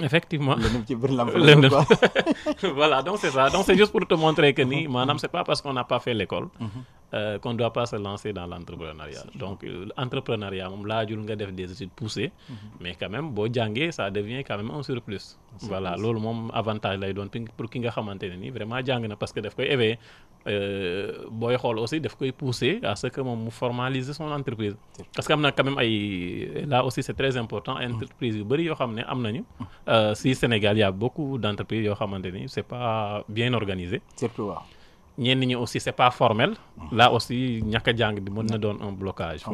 effectivement voilà donc c'est ça donc c'est juste pour te montrer que ni mhm. n'est c'est pas parce qu'on n'a pas fait l'école mhm. euh, qu'on ne doit pas se lancer dans l'entrepreneuriat donc l'entrepreneuriat, euh, là, tu nga def des études poussées mhm. mais quand même boo jàngee ça devient quand même un surplus voilà loolu moom avantage lay doon pour ki nga xamante ne vraiment jàng na parce que daf koy éveiller euh, booy xool aussi daf koy pousser à ce que moom mu formaliser son entreprise. parce que am na quand même ay là aussi c' est très important entreprise yu bëri yoo xam ne am nañu. Euh, si Sénégal y' a beaucoup d' entreprises yoo xamante ni c' est pas bien organisé. surtout waaw. Ce n'est aussi c'est pas formel là aussi ñàkk a un blocage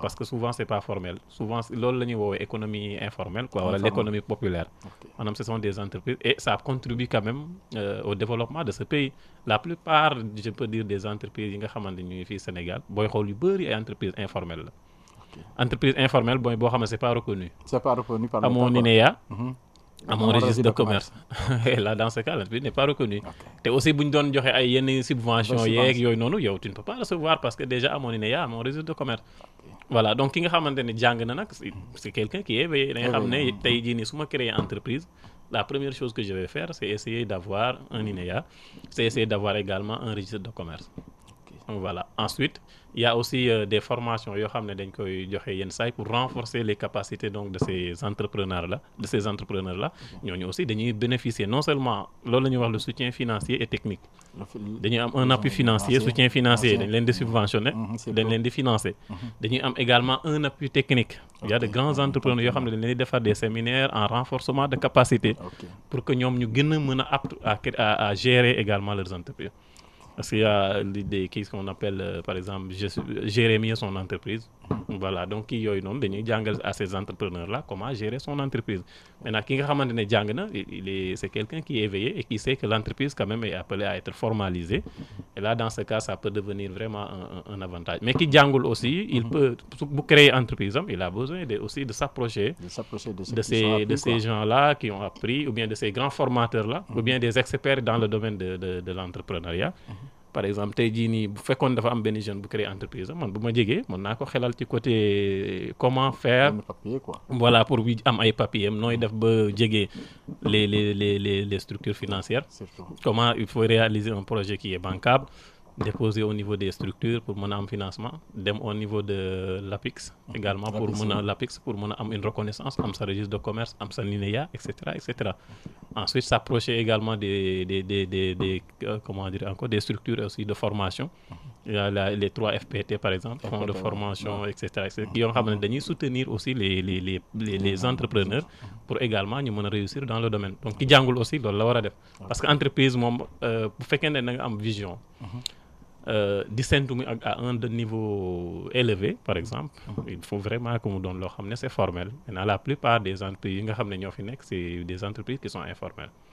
parce que souvent c'est pas formel souvent c'est la économie informelle quoi l'économie populaire ce sont des entreprises et ça contribue quand même euh, au développement de ce pays la plupart je peux dire des entreprises yi nga xamante Sénégal booy xool yu bëri ay entreprises informelles la entreprise informelle booy boo c'est pas reconnu c'est pas reconnu par le gouvernement à mon registre de commerce et là dans ce cas il n'est pas reconnue aussi si doon une subvention tu ne peux pas recevoir parce que déjà à mon INEA à mon registre de commerce voilà donc qui nga est mm-hmm. c'est quelqu'un qui est éveillé da nga xam ah. entreprise la première chose que je vais faire c'est essayer d'avoir un INEA c'est essayer d'avoir également un registre de commerce voilà ensuite il y a aussi euh, des formations pour renforcer les capacités donc de ces entrepreneurs là de ces entrepreneurs là aussi dañuy bénéficier non seulement loolu le soutien financier et technique dañuy am un appui financier soutien financier dañ leen di subventionner mhm, dañ leen di financer mhm. dañuy am également un appui technique il y a de grands entrepreneurs qui xamné des séminaires en renforcement de capacités pour que ñom ñu à gérer également leurs entreprises parce qu'il y a des ce qu'on appelle, euh, par exemple, gérer mieux son entreprise. Voilà, donc il y a une homme à ces entrepreneurs-là comment gérer son entreprise. Maintenant, qui c'est quelqu'un qui est éveillé et qui sait que l'entreprise quand même est appelée à être formalisée. Et là, dans ce cas, ça peut devenir vraiment un, avantage. Mais qui jangle aussi, il mm-hmm. peut, pour créer une entreprise, il a besoin aussi de s'approcher de, ces, gens-là qui ont appris, ou bien de ces grands formateurs-là, ou mm-hmm. bien des experts dans le domaine de, l'entrepreneuriat. Mm-hmm par exemple tey jii nii bu fekkoon dafa am benn jeune bu créer entreprise man bu ma côté euh, comment faire voilà pour bi am ay papier am nooy def ba les les les les structures financières comment il faut réaliser un projet qui est bancable déposer au niveau des structures pour mon financement au niveau de l'APIX également pour mon apix pour mon une reconnaissance am sa registre de commerce am sa linéa, etc. ensuite s'approcher également des des des des, euh, comment dire encore des structures aussi de formation il y a les trois FPT par exemple fonds de formation etc qui ont ramené de soutenir aussi les les les les, entrepreneurs pour également nous réussir dans le domaine donc qui jàngul aussi dans la parce que entreprise moom euh, bu vision mhm. Euh, à un de niveau élevé par exemple il faut vraiment que nous donne loo xam c'est formel la plupart des entreprises yi des entreprises qui sont informelles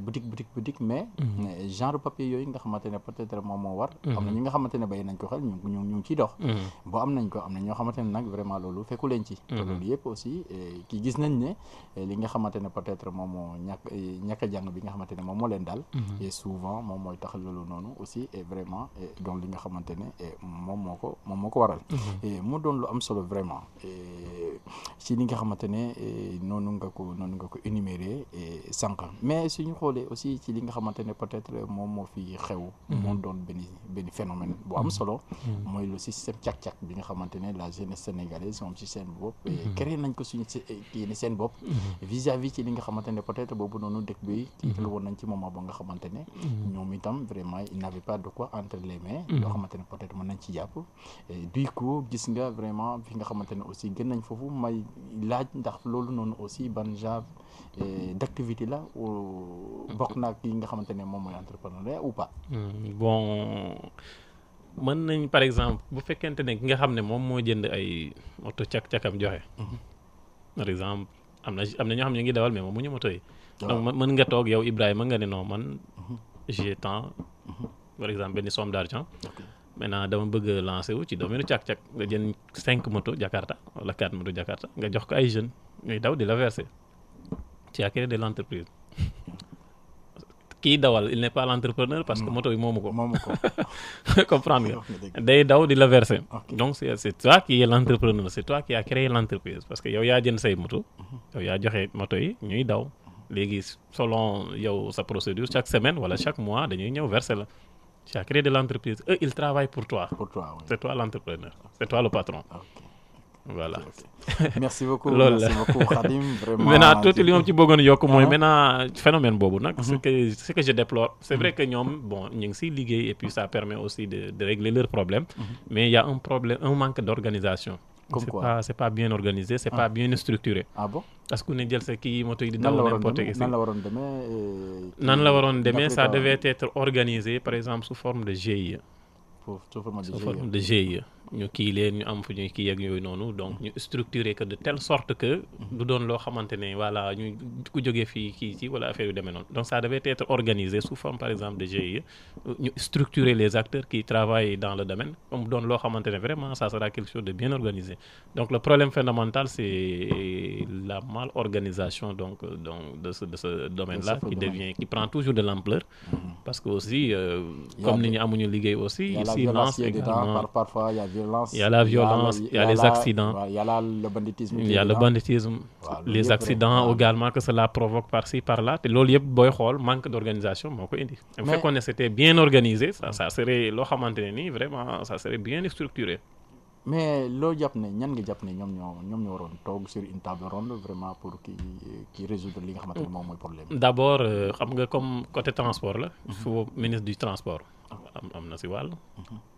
boutique boutique boutique mhm. mais. genre papier yooyu nga xamante war. Mhm. ñi nga nañ ko xel ñu ñu ñu dox. ko na vraiment souvent mhm. aussi et vraiment donc li nga vraiment ci li nga mais mais suñu xoolee aussi ci li nga xamante ne peut-être moom moo fi xew mhm. moo doon benn benn phénomène bu am mhm. solo mhm. mooy le système càq-càq bi nga xamante ne la jeunesse sénégalaise moom ci seen bopp créé nañ ko suñu eh, kii ni seen bopp vis-à-vis ci li nga xamante ne peut-être boobu noonu dëkk bi tiital woon nañ ci moment ba nga xamante ne ñoom itam vraiment il n'avait pas de quoi entre les mains loo xamante ne peut-être mën nañ ci jàpp du coup gis nga vraiment fi nga xamante ne aussi gën nañ foofu may laaj ndax loolu noonu aussi ban genre Euh, d' activité la mbokk naa yi nga xamante ne moom mooy entrepreneuriat la pas. Hmm, bon mën nañ par exemple bu fekkente ne ki nga xam ne moom moo jënd ay oto cak-cakam joxe. Mhm. par exemple am na am na ñoo xam ne ngi dawal mais moom mu ñu moto yi. donc mën nga toog yow Ibrahima nga ne non man. Mhm. j'ai tant mhm. par exemple benn somme d' argent. dama bëgg a lancé wu ci domaine cak-cak nga jën cinq moto Jakarta wala quatre moto Jakarta nga jox ko ay jeunes ñuy daw di la verser. tu as créé de l'entreprise Qui dawal il n'est pas l'entrepreneur parce que moto bi ko moomu ko comprendre donc c'est toi qui es l'entrepreneur c'est toi qui as créé l'entreprise parce que yow yaa jënd say moto mhm. yow moto yi ñuy daw selon sa procédure chaque semaine wala chaque mois dañuy verser tu as créé de l'entreprise eux ils travaillent pour toi pour toi c'est toi l'entrepreneur c'est toi le patron voilà merci beaucoup merci beaucoup Khadim vraiment maintenant tout le monde ci bëggoon yokk c'est hein? maintenant phénomène bobu nak ce mhm. que ce que je déplore c'est vrai mhm. que ñom bon ñi ngi si liguey et puis ça permet aussi de de régler leurs problèmes mhm. mais il y a un problème un manque d'organisation comme quoi pas c'est pas bien organisé c'est ah. pas bien structuré ah bon parce que ne jël ce qui moto yi di n'importe qui eh, nan la waroon demee nan la ça devait être organisé par exemple sous forme de GIE sous forme de GIE ñu kii am fu ñuy donc ñu structurer que de telle sorte que nous doon loo xamante voilà ñu ku jógee fii kii ci wala donc ça devait être organisé sous forme par exemple de GIE ñu structurer les acteurs qui travaillent dans le domaine comme doon loo xamante ne vraiment ça sera quelque chose de bien organisé donc le problème fondamental c'est la mal organisation donc donc de ce de ce domaine là qui devient qui prend toujours de l'ampleur mm-hmm. parce que aussi euh, comme ni ñu amuñu liggéey aussi silence également parfois violence. Il y a la violence, il y a, les accidents. Il y a le banditisme. Il y a le banditisme. les accidents également que cela provoque par-ci, par-là. Et l'oliep boy hall, manque d'organisation. Le fait qu'on s'était bien organisé, ça, ça serait, vraiment, ça serait bien structuré. mais loo jàpp ne ñan nga jàpp ne ñoom ñoo ñoom ñoo sur une table ronde vraiment pour qui qui résoudre li nga d'abord mooy problème euh, xam nga comme côté transport là il faut ministre du transport am am na si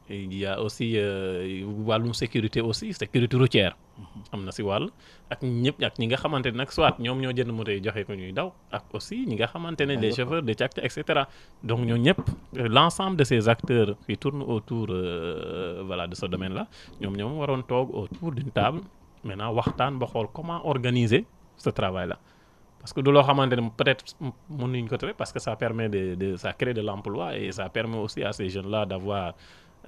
il y a aussi euh, wàllum sécurité aussi sécurité routière mhm. am na si wàll ak ñëpp ak ñi nga xamante ne nag soit ñoom ñoo jënd moto yi joxe ko ñuy daw ak aussi ñi nga xamante ne des chauffeurs des càcc et cetera donc ñoo ñëpp euh, l' de ces acteurs qui tournent autour euh, voilà de ce domaine là ñoom ñoom waroon toog autour d'une table maintenant waxtaan ba xool comment organiser ce travail là parce que de l'eau peut-être mon parce que ça permet de, de ça crée de l'emploi et ça permet aussi à ces jeunes là d'avoir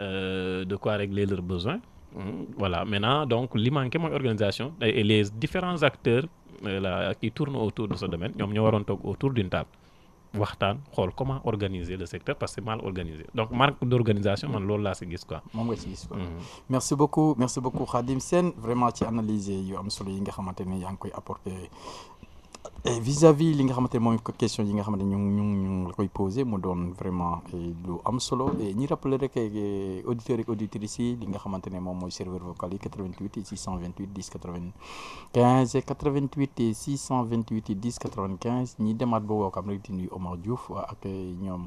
euh, de quoi régler leurs besoins. Mhm. Voilà, maintenant, donc, qui manque mon organisation et les différents acteurs euh, qui tournent autour de ce domaine ils ont autour d'une table waxtaan comment organiser le secteur parce que c'est mal organisé donc marque d'organisation man loolu laa gis quoi. quoi. Mhm. merci beaucoup merci beaucoup Khadim Sen. vraiment tu as yu am solo yi vis-à-vis li nga xamante mooy question yi nga xamante ñu ngi ñu ngi koy poser mu doon vraiment eh, lu am solo et ñi rappelé rek eh, auditeurs et auditrices li nga xamante mom moy serveur vocal yi 88 628 10 95 et 88 et 628 10 95 ñi demaat ba wookam rek di nuyu Omar Diouf ak eh, ñoom.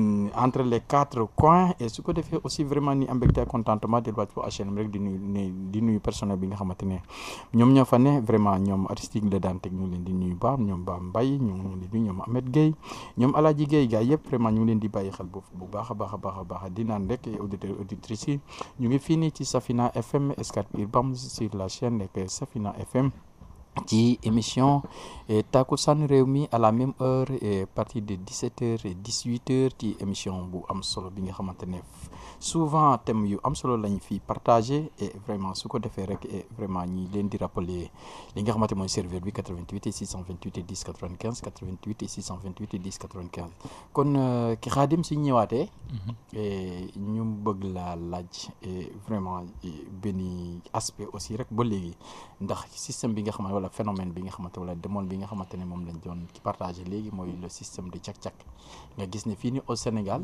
Euh, entre les quatre coins et ce que tu fait aussi vraiment ni am contentement de le de nous personnel bi nga vraiment artistique de dante nous ñu di nous bam nous ñu la Ahmed Gueye Gueye vraiment ñu di bu sommes FM sur la chaîne de Safina FM ti émission et takusan mi à la même heure et à de 17h et 18h ti émission bu am solo bi nga xamantene souvent thème yu am solo lañ fi partager et vraiment suko que rek et vraiment ñi leen di rappeler li nga xamante moy serveur bi 88 et 628 et 10 95 88 et 628 et 10 95 kon euh, ki xaadim ñewaté mhm. et ñu bëgg la laaj et vraiment béni aspect aussi rek ba légui ndax système bi nga wala phénomène bi nga xamante wala demoon bi nga xamante ne moom lañ doon ki partagé légui moy le système de càq-càq nga gis ne fini au Sénégal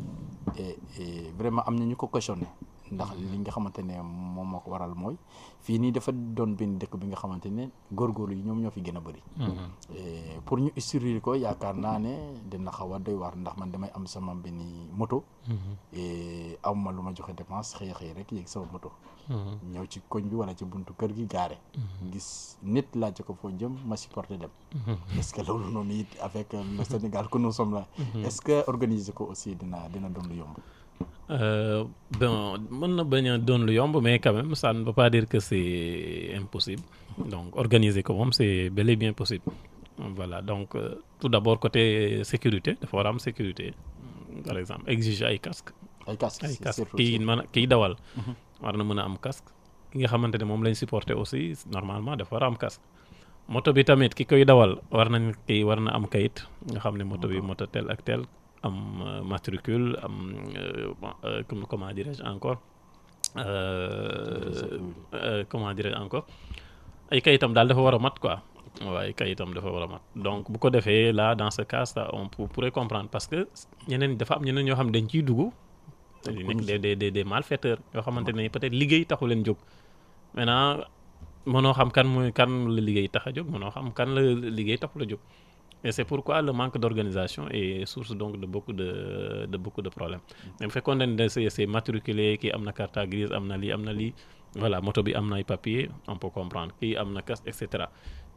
et vraiment amna ñu ko questionné ndax li nga xamante ne moom moo ko waral mooy fii nii dafa doon benn dëkk bi nga xamante ne góorgóorlu yi ñoom ñoo fi gën a bëri. Mhm. pour ñu structurer ko yaakaar naa ne dina xaw a doy waar ndax man damay am sama benn moto. Mhm. aw ma lu ma joxe dépense xëy xëy rek yéeg sama moto. Mhm. ñëw ci koñ bi wala ci buntu kër gi gaare. gis nit laajte ko foo jëm ma supporté dem. est-ce que loolu noonu it avec le Sénégal que nous sommes là. est-ce que organiser ko aussi dina dina doon yomb. Euh, bon mën na bañ a doon lu yomb mais quand même ça ne veut pas dire que c'est impossible donc organiser ko moom c'est bel et bien possible voilà donc euh, tout d'abord côté sécurité dafa war am sécurité par exemple exiger ay casque ay casque ay casque kii mën kii dawal mhm. war na mën a am casque ki nga xamante ne moom lañ supporter aussi normalement dafa war am casque moto bi tamit ki koy dawal war nañ kii war na am kayit nga xam ne moto bi moto tel ak tel am euh, matricule am euh, euh, comme comment dirais-je encore euh, euh, comment dirais-je encore ay kayitam daal dafa war a mat quoi waaw ay kayitam dafa war a mat donc bu ko defee là dans ce cas là on pourrait comprendre parce que ñeneen dafa am ñeneen ñoo xam dañ ciy dugg dañu nekk des des des malfaiteurs yoo xamante ne peut-être liggéey taxu leen jóg maintenant mënoo xam kan mooy kan la liggéey tax a jóg mënoo xam kan la liggéey taxu la jóg et c'est pourquoi le manque d'organisation est source donc de beaucoup de, de beaucoup de problèmes. bu fekkoon ne c'est matriculé qui a carte grise Qui a une carte na voilà moto bi am na on peut comprendre qui a casque etc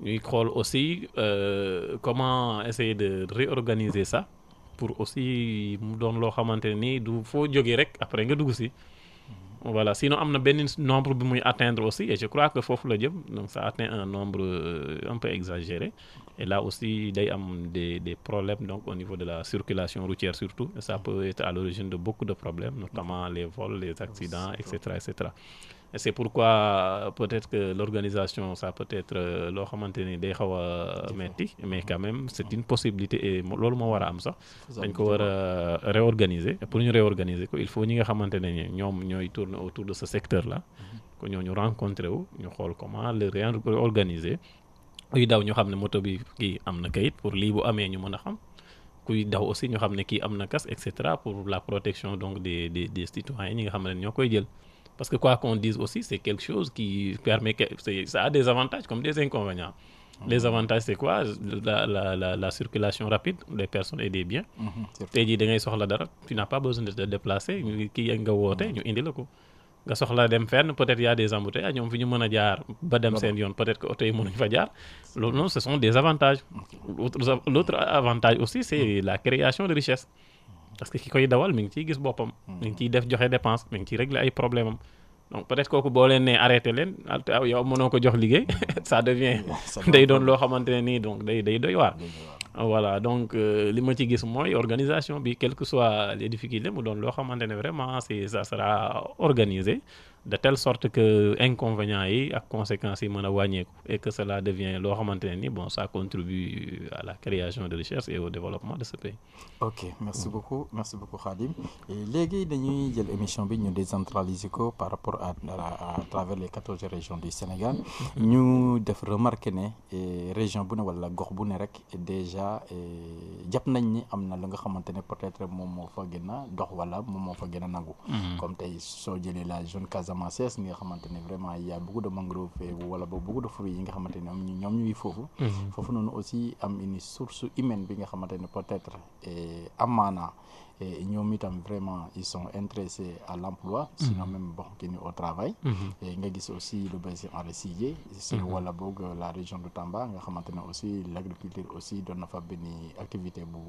Il croit aussi euh, comment essayer de réorganiser ça pour aussi Donner leur loo xamante faut nii du foo jógee après nga dugg voilà sinon y a nombre Qui atteindre aussi et je crois que faut le dire, donc ça atteint un nombre euh, un peu exagéré. Et là aussi, il y a des, problèmes donc, au niveau de la circulation routière surtout. ça peut être à l'origine de beaucoup de problèmes, notamment les vols, les accidents, etc. etc. Et c'est pourquoi peut-être que l'organisation, ça peut être euh, euh, mais quand mm-hmm. même, c'est une possibilité. Et mo wara am sax réorganiser. Et pour nous réorganiser il faut que nous nous autour de ce secteur là, mm-hmm. que nous ñu rencontrer comment le réorganiser kuy daw ñu xam ne moto bi kii am na kayit pour lii bu amee ñu mën a xam kuy daw aussi ñu xam ne kii am na casque et cetera pour la protection donc des des des citoyens ñi nga xam ne ñoo koy jël. parce que quoi qu'on dise aussi c'est quelque chose qui permet que ça a des avantages comme des inconvénients. Ah. les avantages c'est quoi la la la la circulation rapide des personnes et des biens. Mhm, tey jii da ngay soxla dara tu n'as pas besoin de te déplacer kii nga woote mhm. ñu indi la ko nga soxla dem fenn peut-être y a des embouteillages ñoom fi ñu mën a jaar ba dem seen yoon peut-être que auto yi mënuñ fa jaar loolu noonu ce sont des avantages l'autre avantage aussi c'est mm. la création de richesse parce que ki koy dawal mi ngi ciy gis boppam mi ngi ciy def joxe dépense mi ngi ciy régler ay problème am donc peut-être kooku boo leen nee arrêté leen ah, yow mënoo ko jox liggéey ça devient day doon loo xamante ne nii donc day day doy waar ah, voilà donc euh, li ma ci gis organisation bi quelles que soient les difficultés mu doon loo xamante vraiment c'est ça sera organisé de telle sorte que inconvénients et conséquences et que cela devient loo xamante bon ça contribue à la création de richesses et au développement de ce pays. ok merci beaucoup merci beaucoup Khadim léegi dañuy jël émission bi ñu décentraliser ko par rapport à à travers les 14 régions du Sénégal Nous def remarqué la eh, région bu la wala est déjà eh, jàpp nañ ni am la peut-être moom moo fa dox wala mhm. comme tey soo de la zone Casamance ni nga xamante ne vraiment y a beaucoup de mangrove ba beaucoup de fruits yi nga xamante ne am ñoom ñuy foofu mhm. foofu noonu aussi am une source humaine bi nga xamante peut-être amaana et ñoom itam vraiment ils sont intéressés à l'emploi sinon mhm. même bon qu'ils au travail mhm. et nga gis aussi le bassin enracier C'est mhm. wala bog euh, la région de Tamba nga xamantene aussi l'agriculture aussi donne na fa activité bu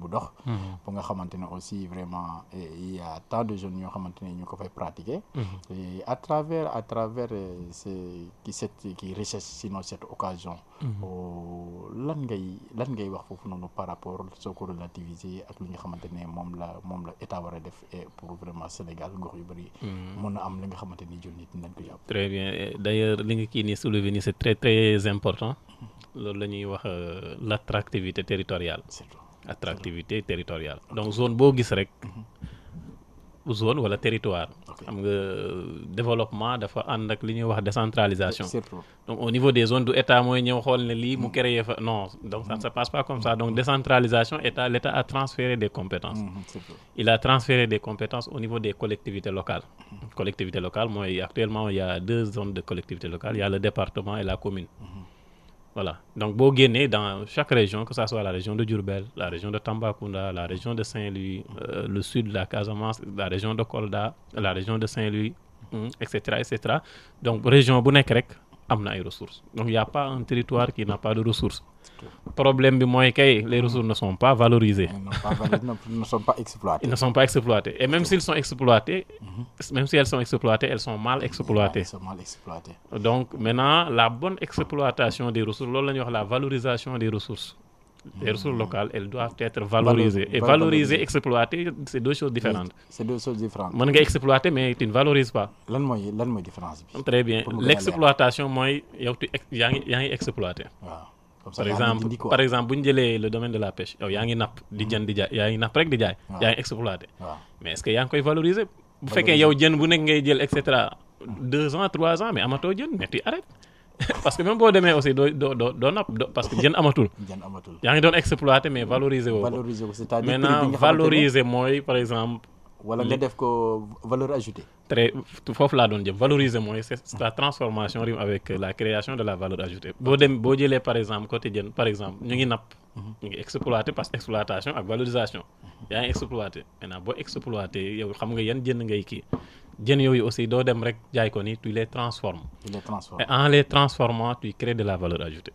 bu dox bu nga xamantene aussi vraiment eh, il y a tant de jeunes ñoo xamantene ne ñu ko fay pratiquer et à travers à travers eh, ces qui cette qui recherche sinon cette occasion oh, lan ngay lan ngay wax fofu noonu par rapport soko relativiser ak li nga xamantene l'État la moom war def pour vraiment Sénégal gox yu bëri. mën mm. na am li nga xamante nit très bien D'ailleurs, ailleurs li nga kii soulevé est très très important euh, L'attractivité territoriale. wax attractivité territoriale. surtout attractivité territoriale donc zone boo rek. Mm-hmm zone le territoire développement dafa décentralisation au niveau des zones de état non donc ça ne se passe pas comme ça donc décentralisation état l'état a transféré des compétences mm-hmm, il a transféré des compétences au niveau des collectivités locales Collectivités locales. actuellement il y a deux zones de collectivités locales il y a le département et la commune mm-hmm. Voilà. Donc, vous dans chaque région, que ce soit la région de Durbel, la région de Tambacounda, la région de Saint-Louis, euh, le sud de la Casamance, la région de Kolda, la région de Saint-Louis, etc., mm, etc. Donc, région y a amna ressources. Donc, il n'y a pas un territoire qui n'a pas de ressources problème bi mooy kay les ressources ne sont pas valorisées. ne sont pas ne sont pas exploitées et même s'ils sont exploités. Mhm. même si elles sont exploitées elles sont mal exploitées. donc maintenant la bonne exploitation des ressources la valorisation des ressources. les ressources mhm. locales elles doivent être valorisées. et valoriser exploiter c'est deux choses différentes. c'est deux choses différentes. On nga exploiter mais tu ne valorises pas. différence très bien l'exploitation moi, il tu comme ça par exemple par exemple bu ñu le domaine de la pêche yow yaa ngi napp di mm-hmm. jën di ngi napp rek di jaay yaa ngi exploité mais est-ce que yaa ngi koy valoriser bu fekkee yow jën bu nekk ngay jël etc. deux ans trois ans mais amateur, jën mais tu arrêtes parce que même boo demee aussi do, do, do, nap, parce que jën amatul. jën amatul yaa ngi don exploité mais valoriser woo valoriser c'est-à-dire maintenant valoriser moi, par exemple wala nga def ko valeur ajoutée. très c'est la transformation avec euh, la création de la valeur ajoutée par exemple côté par exemple ñu ngi mhm. parce exploitation valorisation. exploité yow xam nga ngay aussi dem tu les transformes. tu en les transformant tu crées de la valeur ajoutée.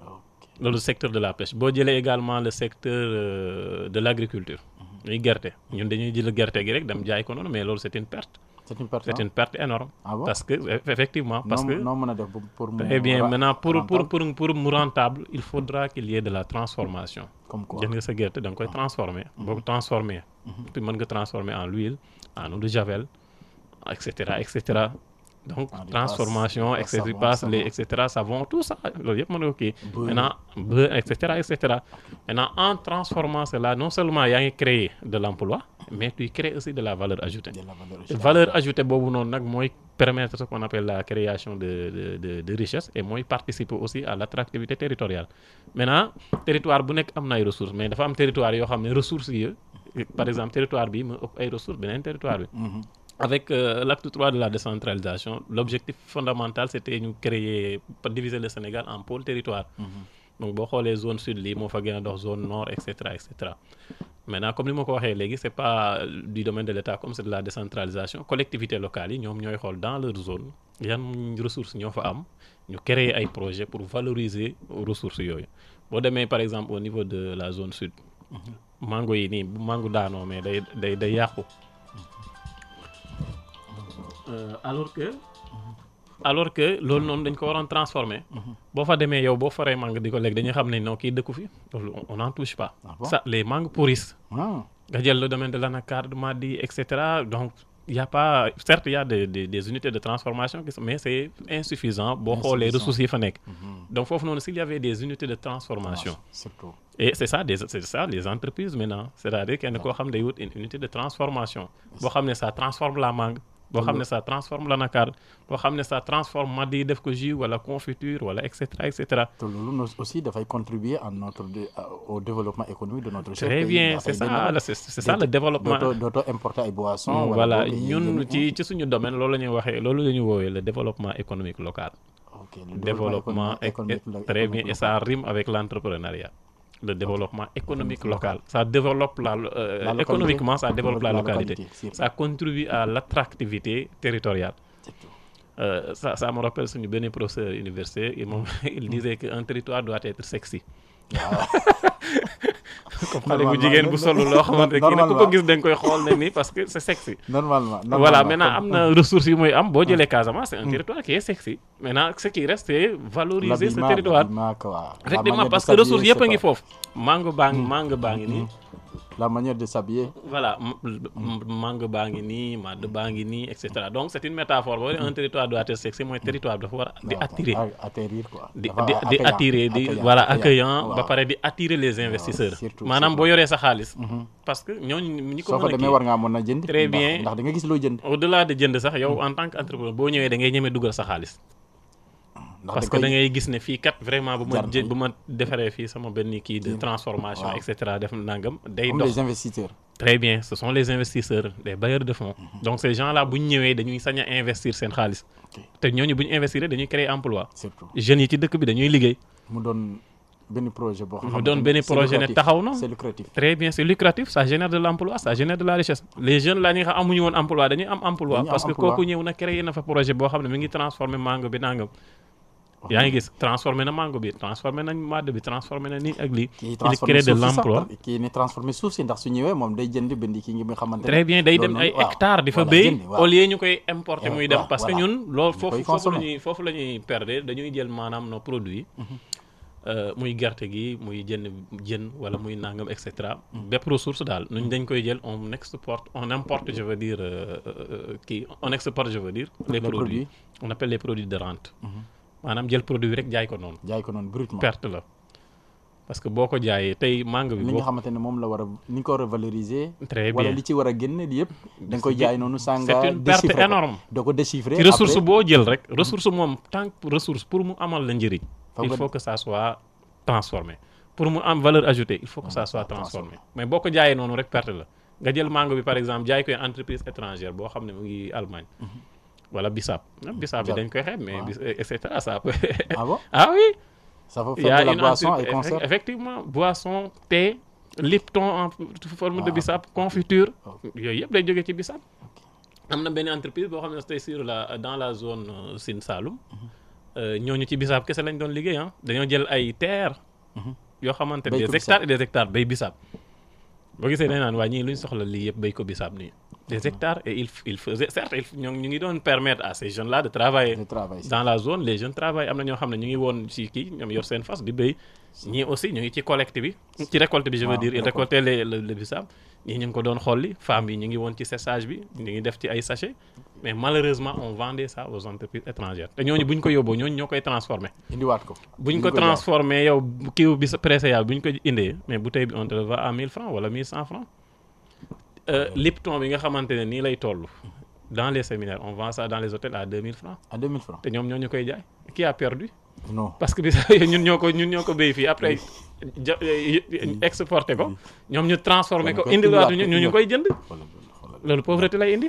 ok le secteur de la pêche boo jëlee également le secteur euh, de l'agriculture muy gerte ñun dañuy jël gerte gi rek dem jaay ko noonu mais loolu c' est une perte. c' une perte c' est ah. une perte énorme ah bon? parce que effectivement. parce que noo mën a def pour mu. très bien maintenant pour pour pour pour mu rentable il faudra qu' il y ait de la transformation. comme quoi jël nga sa gerte da nga koy ah. transformer mm-hmm. boo ko transformer. puis mm-hmm. mën nga transformer en huile, en eau de javel et cetera et cetera donc transformation etc etc savon tout ça etc maintenant maintenant en transformant cela non seulement y a créé de l'emploi mais tu crées aussi de la valeur ajoutée valeur ajoutée boobu nag permettre ce qu'on appelle la création de de de richesse et participe participer aussi à l'attractivité territoriale maintenant territoire bu y a des ressources mais dafa am territoire yo, ressources par exemple territoire bi y ay ressources territoire mm-hmm avec euh, l'acte 3 de la décentralisation, l'objectif fondamental, c'était de créer, diviser le Sénégal en pôles territoires. Mm -hmm. Donc, beaucoup les zones sud, les dans zones nord, etc., etc. Maintenant, comme nous l'avons dit, ce n'est pas du domaine de l'État, comme c'est de la décentralisation. Collectivités locales, ont dans leur zone, il y des ressources, ils créent nous créer des projets pour valoriser les ressources. Bon, demain, par exemple, au niveau de la zone sud, mm-hmm. mango, mango, mais mango, mango, ya mango, euh, alors que. Mhm. alors que loolu noonu dañ ko waroon transformer mhm. boo fa demee yow boo faree mangue di ko lekk dañuy xam non fi on n'en touche pas. Ah ça les mangues pourrissent. Ah. nga jël le domaine de l'anacard, de et etc. donc. il y a pas certes il y a des, des, unités de transformation mais c'est insuffisant bon insuffisant. les ressources fa -hmm. donc faut non s'il y avait des unités de transformation ah, et c'est ça c'est ça les entreprises maintenant c'est à dire qu'il y a une unité de transformation bon ça transforme la mangue vous xam ça transforme l'Anacard. Vous xam ne ça transforme Madé, def ko jus wala confiture wala et cetera et cetera. te loolu aussi dafay contribuer à notre au développement économique de notre. très bien c'est ça c'est ça le développement. D'autres importer ay boissons. Mm, voilà ñun ci ci suñu domaine loolu la ñuy waxee loolu la le développement économique local. ok développement économique très bien et ça rime avec l'entrepreneuriat le développement économique local. Ça développe la, euh, économiquement, ça développe la, localité. Ça contribue à l'attractivité territoriale. Euh, ça, me rappelle ce une professeur universitaire, il, il disait qu'un territoire doit être sexy. waaw comme xale bu jigéen bu solo loo xamante kii nag ku ko gis da nga koy xool ne nii parce que c'est sexy. normalement voilà maintenant am na ressources yu muy am boo jëlee Casamance c'est un mm. territoire qui est sexy. maintenant ce qui reste valoriser ce territoire. rek parce que ressources yëpp a ngi foofu. mango baa ngi mm. mango baa ngi nii. Mm. la manière de s'habiller. Voilà, mangue bangini, mad etc. Donc c'est une métaphore. Un territoire doit être sexy, mais territoire doit attirer. Atterrir quoi. D'attirer, voilà, accueillant, va parler attirer les investisseurs. Madame Boyore Sahalis. Parce que nous, nous, Très bien. Au-delà de en tant qu'entrepreneur, parce que da ngay gis ne fii kat vraiment bu ma bu ma defaree fii sama benn kii de transformation et cetera def nangam day dox les investisseurs très bien ce sont les investisseurs les bailleurs de fonds mhm. donc ces gens là bu ñu ñëwee dañuy sañ a investir seen xaalis te ñooñu bu ñu investir dañuy créer emploi surtout jeunes yi ci dëkk bi dañuy liggéey mu doon benn projet boo xam mu doon benn projet ne taxaw na c'est lucratif très bien c'est lucratif ça génère de l'emploi ça génère de la richesse les jeunes là ñi nga xam amuñu woon emploi dañuy am emploi parce que kooku ñëw na créer na fa projet boo xam ne mi ngi transformer mango bi nangam yaa ngi gis transformé na mango bi transformé nañ madd bi transformé na nii ak li il crée de l'emploi kii ni transformé suuf si ndax su ñëwee moom day jënd bindi kii ngi nga xamante très bien day dem ay hectares di fa béy au lieu ñu koy importer eh, muy dem parce que ñun lool foofu foofu la ñuy foofu la ñuy perdre dañuy jël maanaam nos produits mm-hmm. euh, muy gerte gi muy jën jën wala muy nangam et cetera. Mm-hmm. bépp ressource daal nuñ mm-hmm. dañ koy jël on exporte on importe je veux dire euh, euh, kii on exporte je veux dire. les produits on appelle les produits de rente. maanaam jël produit rek jaay ko noonu. jaay ko noonu brutalement perte la. parce que boo ko jaayee tey màng bi. boo li xamante ne moom la war a ko war a valoriser. très bien li ci war a génn yëpp. da nga koy jaay noonu sànga. déchiffré c'est une ko déchiffrer ci ressource boo jël rek. ressource moom tant que ressource pour mu amal la njëriñ. il faut que ça soit transformé pour mu am valeur ajoutée il faut que ça mais boo ko jaayee noonu rek perte la nga jël màng bi par exemple jaay koy entreprise étrangère boo xam ne mu ngi Allemagne. Mhm. wala bisaab. Ah, bisaab bi dañ koy xé mais et cetera ça peut. ah bon ah oui. ça peut faire de la boisson et concert effectivement boisson thé lipton en forme de ah. bisaab confiture. Ah. yooyu yëpp day jógee ci bisaab. am na benn entreprise bo xamné ne tey sur la dans la zone euh, sin Saloum. Mhm. euh ñooñu ci bisaab kessé lañ doon liggé hein dañu jël ay terre. Mhm. yoo xamante ne des hectares et des hectares bay bisaab. boo gisee nee naan wa ñi luñ soxla li yëpp bay ko bisaab nii des hectares. Et il, il faisait, certes, ñu ngi doon permettre à ces jeunes-là de travailler. dans la zone les jeunes travaillent am na ñoo xam ne ñu ngi woon ci kii ñoom yor seen fas di béy. ñii aussi ñu ngi ci collecte bi. ci récolte bi je veux dire ils récoltaient les le bissap. ñii ñu ngi ko doon xolli femmes yi ñu ngi woon ci séchage bi ñu ngi def ci ay sachets. mais malheureusement on vendait ça aux entreprises étrangères te ñooñu bu ko yóbboo ñooñu ñoo koy transformé. indiwaat ko buñ ko transformé yow kiiw bi sa pressé yaa ko indee mais bouteille bi on te le vend à 1000 francs wala 1100 francs euh, Lipton bi nga xamantene ni lay tollu dans les séminaires on vend ça dans les hôtels à 2000 francs. à 2000 francs te ñom ñoo ñu koy jaay qui a perdu. non parce que ñun ñoko ñun ñoko ko fi après euh, exporter ko. ñom ñu transformer ko indiwaatu ñu ñu koy jënd loolu pauvreté lay indi.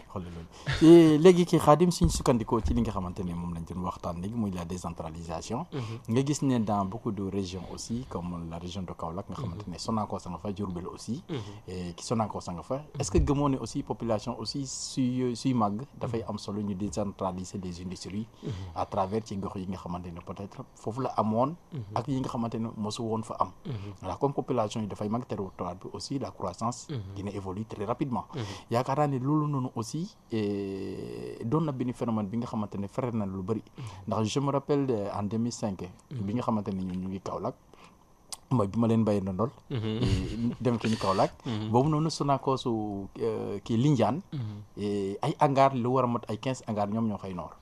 ci léegi ki xaadim suñ sukkandikoo ci li nga xamante ne moom lañ doon waxtaan léegi muy la décentralisation. Mhm. nga gis ne dans beaucoup de régions aussi comme la région de Kaolack nga xamante mhm. ne Sonacos sanga fa Diourbel aussi. Mhm. ki Sonacos a nga fa. est-ce que gëmoo ne aussi population aussi suy suy màgg dafay am solo ñu décentraliser des industries. à travers ci gox yi nga xamante ne peut-être foofu la amoon. ak yi nga xamante ne mosu woon fa am. voilà comme population yi dafay màgg territoire bi aussi la croissance. dina évolue très rapidement. yaakaar naa lolu nonu aussi et na benn phénomène bi nga xamante ne na lu bari ndax je me rappelle en 2005. bi nga xamante ñun ñu ngi Kaolack. mooy bi ma leen béyee ndondol. Mhm. dem suñu Kaolack. Mhm. boobu noonu Sonacos euh, kii Lindiane. Mhm. ay angaar lu war a mat ay 15 angaar ñoom ñoo fay noor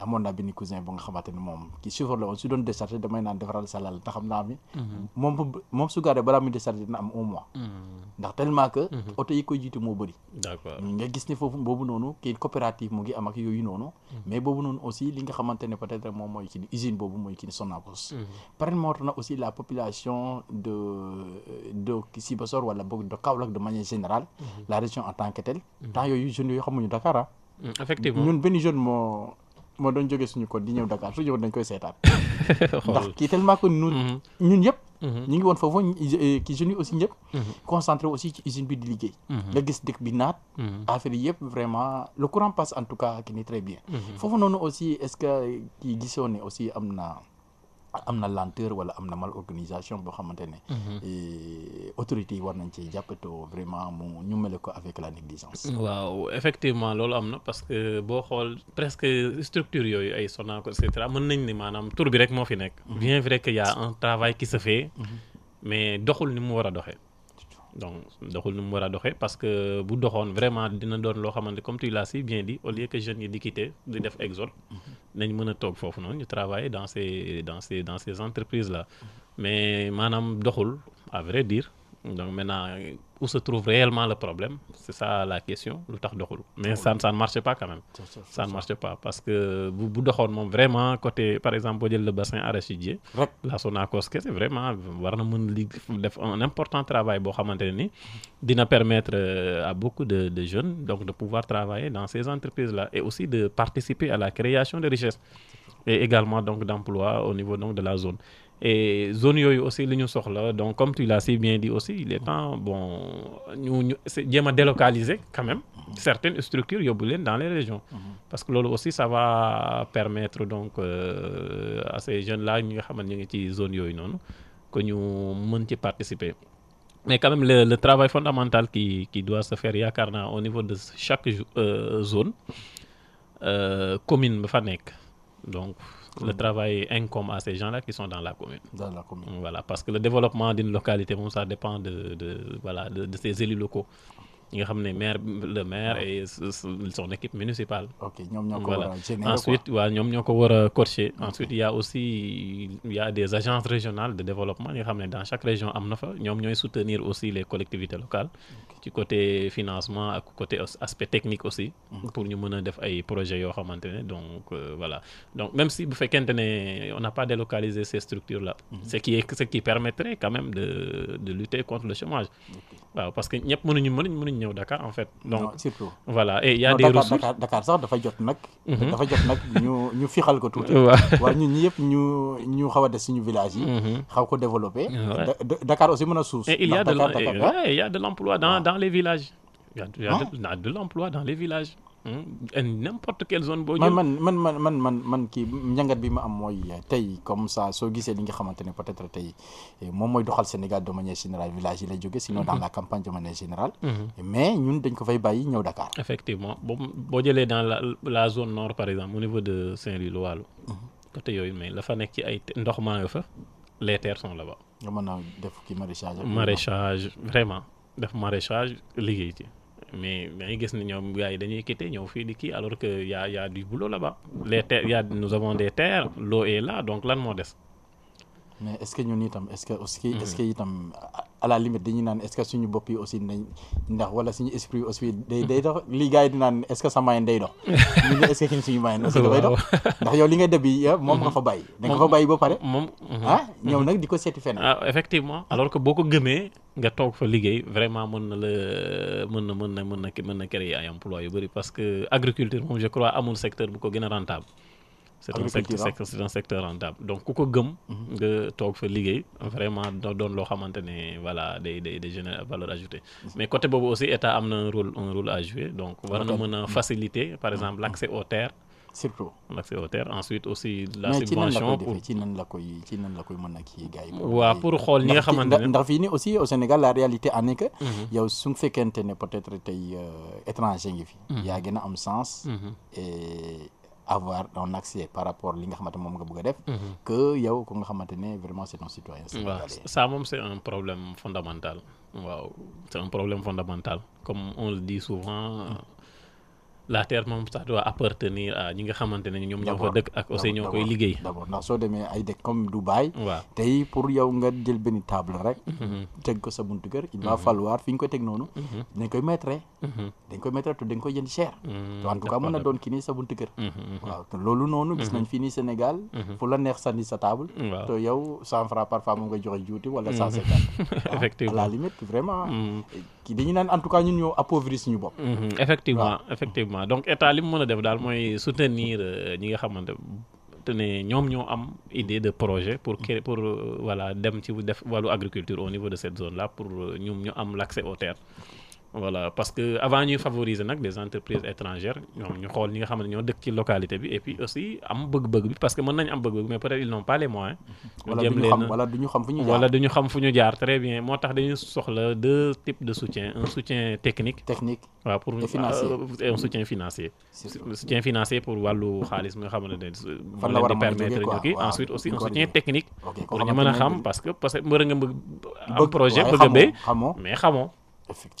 amoon naa benn cousin bu nga xamante ni moom ki chauffeur la woon su doon déchargé damay naan defaral salal te xam naa mi mhm. moom moom su gaaree balaa muy déchargé dina am un mois mhm. ndax tellement que mhm. oto yi koy jiitu moo bëri d'accord nga gis ni foofu boobu noonu kii coopérative mu ngi am ak yooyu noonu mais boobu noonu aussi li nga xamante ne peut-être moom mooy kii usine boobu mooy kii Sonacos permettre na aussi la population de de Sibassor wala boog de Kaolack de manière générale la région en tant que telle temps yooyu jeunes yooyu xamuñu Dakar ah effectivement ñun benn jeune moo moo doon jógee suñu code di ñëw Dakar su ñëwoon dañ koy seetaan ndax kii tellement que ñun mhm. ñun yëpp mhm. ñu ngi woon foofu euh, kii jeunes yi mhm. concentré aussi ci usine bi di liggéey nga gis dëkk bi naat affaire yi vraiment le courant passe en tout cas kii ni très bien foofu noonu aussi est-ce que kii gisoon ne aussi am na am na lenteur wala am na mal organisation boo xamante ne. Mhm. autorité yi war nañ ci jàppatoo vraiment mu ñu mel ko avec la négligence. waaw effectivement loolu am na parce que boo xool presque structure yooyu ay Sonacos et cetera mën nañ ni maanaam tur bi rek moo fi nekk. Mhm. bien vrai que y a un travail qui se fait. Mhm. mais doxul ni mu war a doxee donc doxul nu mu war a doxee parce que bu doxoon vraiment dina doon loo xamante comme tu l'as si bien dit au lieu que jeunes yi di quitter di def exode nañ mën a toog foofu noonu ñu travailler dans ces dans ces dans ces entreprises là mais maanaam doxul à vrai dire donc maintenant où se trouve réellement le problème c'est ça la question mais ça ça ne marchait pas quand même ça ne marchait pas parce que vous vous vraiment côté par exemple le bassin arachidier la zone c'est vraiment un important travail pour nous permettre euh, à beaucoup de jeunes donc de pouvoir travailler dans ces entreprises là et aussi de participer à la création de richesses et également donc d'emplois au niveau donc de la zone et zone aussi donc comme tu l'as si bien dit aussi il est temps bon ñu délocaliser quand même certaines structures dans les régions parce que aussi ça va permettre donc euh, à ces jeunes là ñi nga zone non participer mais quand même le, travail fondamental qui qui doit se faire yakarna au niveau de chaque euh, zone euh, commune ba donc le mm. travail incombe à ces gens-là qui sont dans la commune. Dans la commune. Voilà, parce que le développement d'une localité, ça dépend de, de voilà, de, de, élus locaux. Ils nga le maire et son équipe municipale. ok ensuite il y' a aussi y' a des agences régionales de développement nga dans chaque région ils na fa soutenir aussi les collectivités locales. du côté financement du côté aspect technique aussi. Mhm. pour ñu mën projets donc euh, voilà donc même si bu on n'a pas délocalisé ces structures là. Mhm. ce qui est ce qui permettrait quand même de de lutter contre le chômage. parce que ñëpp mënuñu ñëw Dakar en fait. donc surtout. voilà et il y' a des ressources Dakar sax dafa jot nak, nag. Mhm. dafa jot nak ñu ñu fixal ko tuuti. waaw ñun ñëpp ñu ñu xaw a suñu village yi. Mhm. xaw ko développer. Dakar aussi mën a et il y' a de il y' a de l' dans dans les villages. Hein? il y' a de l'emploi dans les villages. Hmm? n'importe quelle zone boo. je man man man man man kii bi comme ça peut-être eh, doxal Sénégal de village sinon dans mm-hmm. la campagne générale. Mm-hmm. mais ñun dañ ko fay effectivement dans la zone nord par exemple au niveau de Saint-Louis mm-hmm. la les terres sont là-bas. vraiment def maraîchage liggéey ci mais mais gis na ñoom gars yi dañuy quitter ñëw fi di kii alors que y' a y' a du boulot là-bas les terres y' a nous avons des terres l'eau est là donc lan mo des. mais est ce que ñun itam est ce que aussi mhm. est ce que itam à la limite dañuy naan est ce suñu bopp yi aussi nañ ndax wala suñu esprit aussi day day dox li gars yi ce que sa mayen day dox ñu ne est ce yow li nga débbi moom nga fa bàyyi da nga fa bàyyi ba pare moom mhm. ah ñëw nag di ko seeti feneen ah effectivement alors que boo ko gëmee nga toog fa liggéey vraiment mën na la mën na mën na mën na mën na créer ay emploi yu bëri parce que agriculture moom je crois amul secteur bu ko gën a rentable c'est un secteur c'est un secteur rentable donc ku ko gëm mhm. nga tok fa liggéey vraiment da doon loo xamante voilà des des des générer valeur ajoutée mhm. mais côté bobu aussi état amna un rôle un rôle à jouer donc war na mën mhm. faciliter par exemple l'accès aux terres surtout l'accès aux terres ensuite aussi la subvention pour ci nan la koy ci nan la koy pour xol ni nga xamantene ndax fini aussi au Sénégal la réalité en est que yow su fekkente peut-être tay euh, étranger ngi fi yaa gën a am sens et avoir un accès par rapport à ce que nga mhm. que yow ko nga vraiment c'est un citoyen ça c'est un problème fondamental c'est un problème fondamental comme on le dit souvent. la terre moom sax doit appartenir à ñi nga xamante ne ñoom ñoo ko dëkk ak aussi ñoo koy liggéey d'abord ndax soo demee ay dëkk comme Dubaï waaw tey pour yow nga jël benn table rek mhm. teg ko sa buntu kër il va mhm. falloir fi ñu ko teg noonu mhm. dañ koy mettre dañ koy mettre te dañ koy jënd cher en tout cas na doon kii nii sa buntu kër waaw loolu noonu gis nañ fii nii Sénégal fu la neex sànni sa table te yow cent francs parfois moom nga joxe juuti wala sa cinquante effectivement ah, à la limite vraiment kii dañu nan en tout cas ñun ñoo appauvrir suñu bopp. Mhm, effectivement effectivement donc état li mu mën def dal moy soutenir euh, ñi nga xamanté te ñom ñoo am idée de projet pour créer pour euh, voilà dem ci def walu agriculture au niveau de cette zone là pour euh, ñom ñu am l'accès accès aux terres voilà parce que avant ñuy favoriser nak des entreprises étrangères ñom ñu xol ñi nga xam ne ñoo dëkk ci localité bi et puis aussi am bëgg-bëgg bi parce que mën nañ am bëgg-bëgg mais peut-être ils n'ont pas les moyens. Mhm. wala duñu xam wala duñu xam fuñu jaar wala duñu xam fuñu jaar très bien motax tax dañu soxla deux types de soutien un soutien technique. technique waaw pour Euh, et un soutien financier. soutien financier pour walu xaliss mi nga xam ne fan la permettre ñu ki ensuite aussi un soutien technique. pour ñu mëna xam parce que parce que mbër nga bëgg am projet bëgg a mais xamoo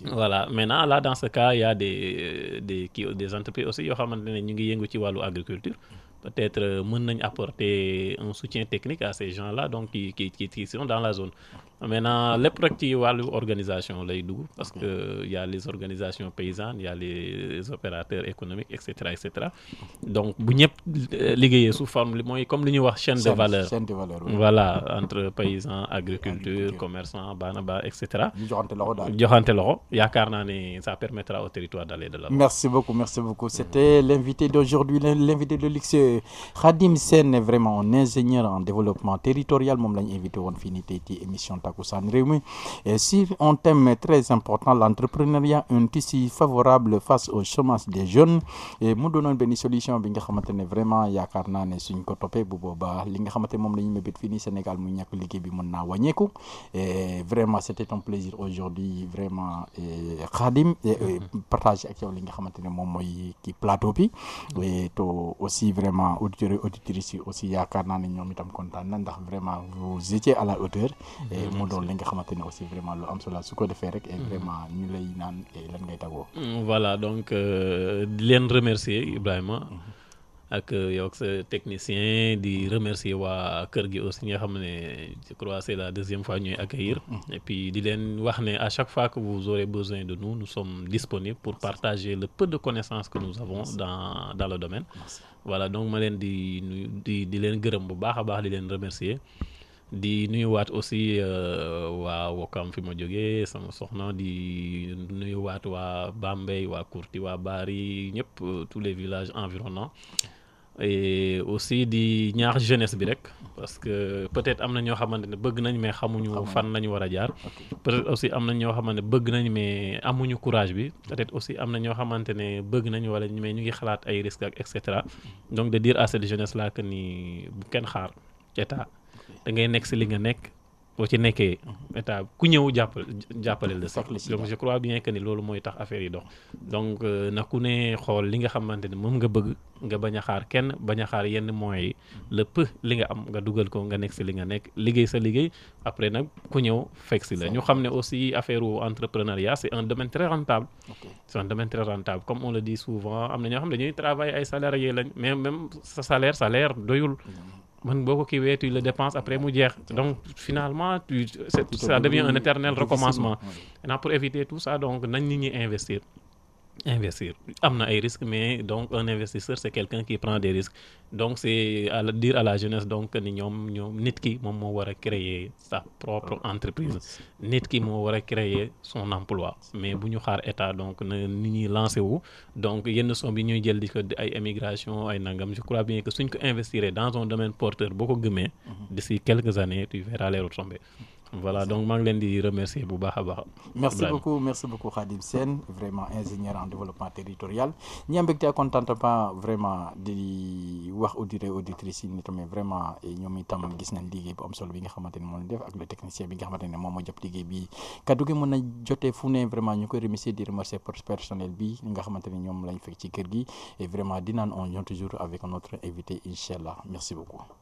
voilà maintenant là dans ce cas il y a des euh, des des entreprises aussi yo xamantene ñu ngi yëngu ci walu agriculture. peut-être euh, mën nañ apporter un soutien technique à ces gens-là donc qui qui sont dans la zone maintenant les rek ci l'organisation organisation lay parce que y a les organisations paysannes il y a les opérateurs économiques etc. etc donc bu ñep euh, liggéeyee sous forme li comme li ñu chaîne de valeur voilà entre paysans agriculteurs, commerçants etc. etc. le joxante loxo joxante loxo ça permettra au territoire d'aller de l'avant. merci beaucoup merci beaucoup c'était l'invité d'aujourd'hui l'invité de luxe Khadim Sen est vraiment un ingénieur en développement territorial mom lañ invité won fini émission Paco Et si un thème très important, l'entrepreneuriat, un tissu favorable face au chômage des jeunes, et nous donnons une solution, bi nga vraiment il y a suñ ko toppee bu boobaa li nga xamante Sénégal mu ñàkk et vraiment c'était un plaisir aujourd'hui vraiment Khadim partage avec yow li nga xamante qui moom plateau bi et aussi vraiment auditeurs et auditrices aussi yaakaar et non mais itam content na vraiment vous étiez à la hauteur mu doon nga xamante aussi vraiment lu am rek. et mhm. vraiment ñu lay naan lan ngay mm, voilà donc euh, di leen remercier Ibrahima. Mhm. ak euh, yow technicien di mhm. remercier waa kër aussi nga xam je crois c'est la deuxième fois ñuy accueillir et puis di leen wax ne à chaque fois que vous aurez besoin de nous nous sommes disponibles pour partager le peu de connaissances que nous avons dans dans le domaine voilà donc ma leen di di di leen gërëm bu di remercier di nuyu nuyuwaat aussi euh, waa Wokam fi ma jógee sama soxna di nuyu nuyuwaat waa Bambey waa Kourti waa Bari ñëpp euh, tous les villages environnants et aussi di ñaax jeunesse bi rek parce que peut-être am na ñoo xamante ne bëgg nañ mais xamuñu fan lañu war a jaar peut-être aussi am na ñoo xamante bëgg nañ mais amuñu courage bi peut-être aussi am na ñoo xamante ne bëgg nañ wala mais ñu ngi xalaat ay risques ak et cetera donc de dire à cette jeunesse là que ni bu kenn xaar état da ngay nekk si li nga nekk boo ci nekkee état ku ñëw jàppal jàppaleel la sax donc je crois bien que ni loolu mooy tax affaire yi dox donc euh, na ku ne xool li nga xamante ne moom nga bëgg nga bañ a xaar kenn bañ a xaar yenn moyens yi lépp li nga am nga dugal ko nga nekk si li nga nekk liggéey sa liggéey après nag ku ñëw fekk si la ñu xam ne aussi affaire wu entrepreneuriat c' un domaine très rentable c' un domaine très rentable comme on le dit souvent am na ñoo xam dañuy travailler ay salarié lañ mais même sa salaire salaire doyul man tu le dépenses après mu donc finalement tu ça devient un éternel recommencement pour éviter tout ça donc nagn ni investir investir y a ay risques mais donc un investisseur c'est quelqu'un qui prend des risques donc c'est à dire à la jeunesse donc ni ñom ñom nit ki créer sa propre ah. entreprise nit ki mo créer son emploi mais buñu xaar état donc nous ñi lancer wu donc yenn somme bi ñuy jël di ay émigration ay nangam je crois bien que suñ ko investirait dans un domaine porteur beaucoup de gëmee mhm. d'ici quelques années tu verras les retombées voilà donc je vous beaucoup. merci beaucoup merci beaucoup Khadim Sen, vraiment ingénieur en développement territorial Nous ne vraiment de wax auditeurs auditrices mais vraiment eh, nañ am nous bi nga le technicien bi nga nous remercier personnel bi nga et vraiment on toujours avec notre invité Inch'Allah. merci beaucoup.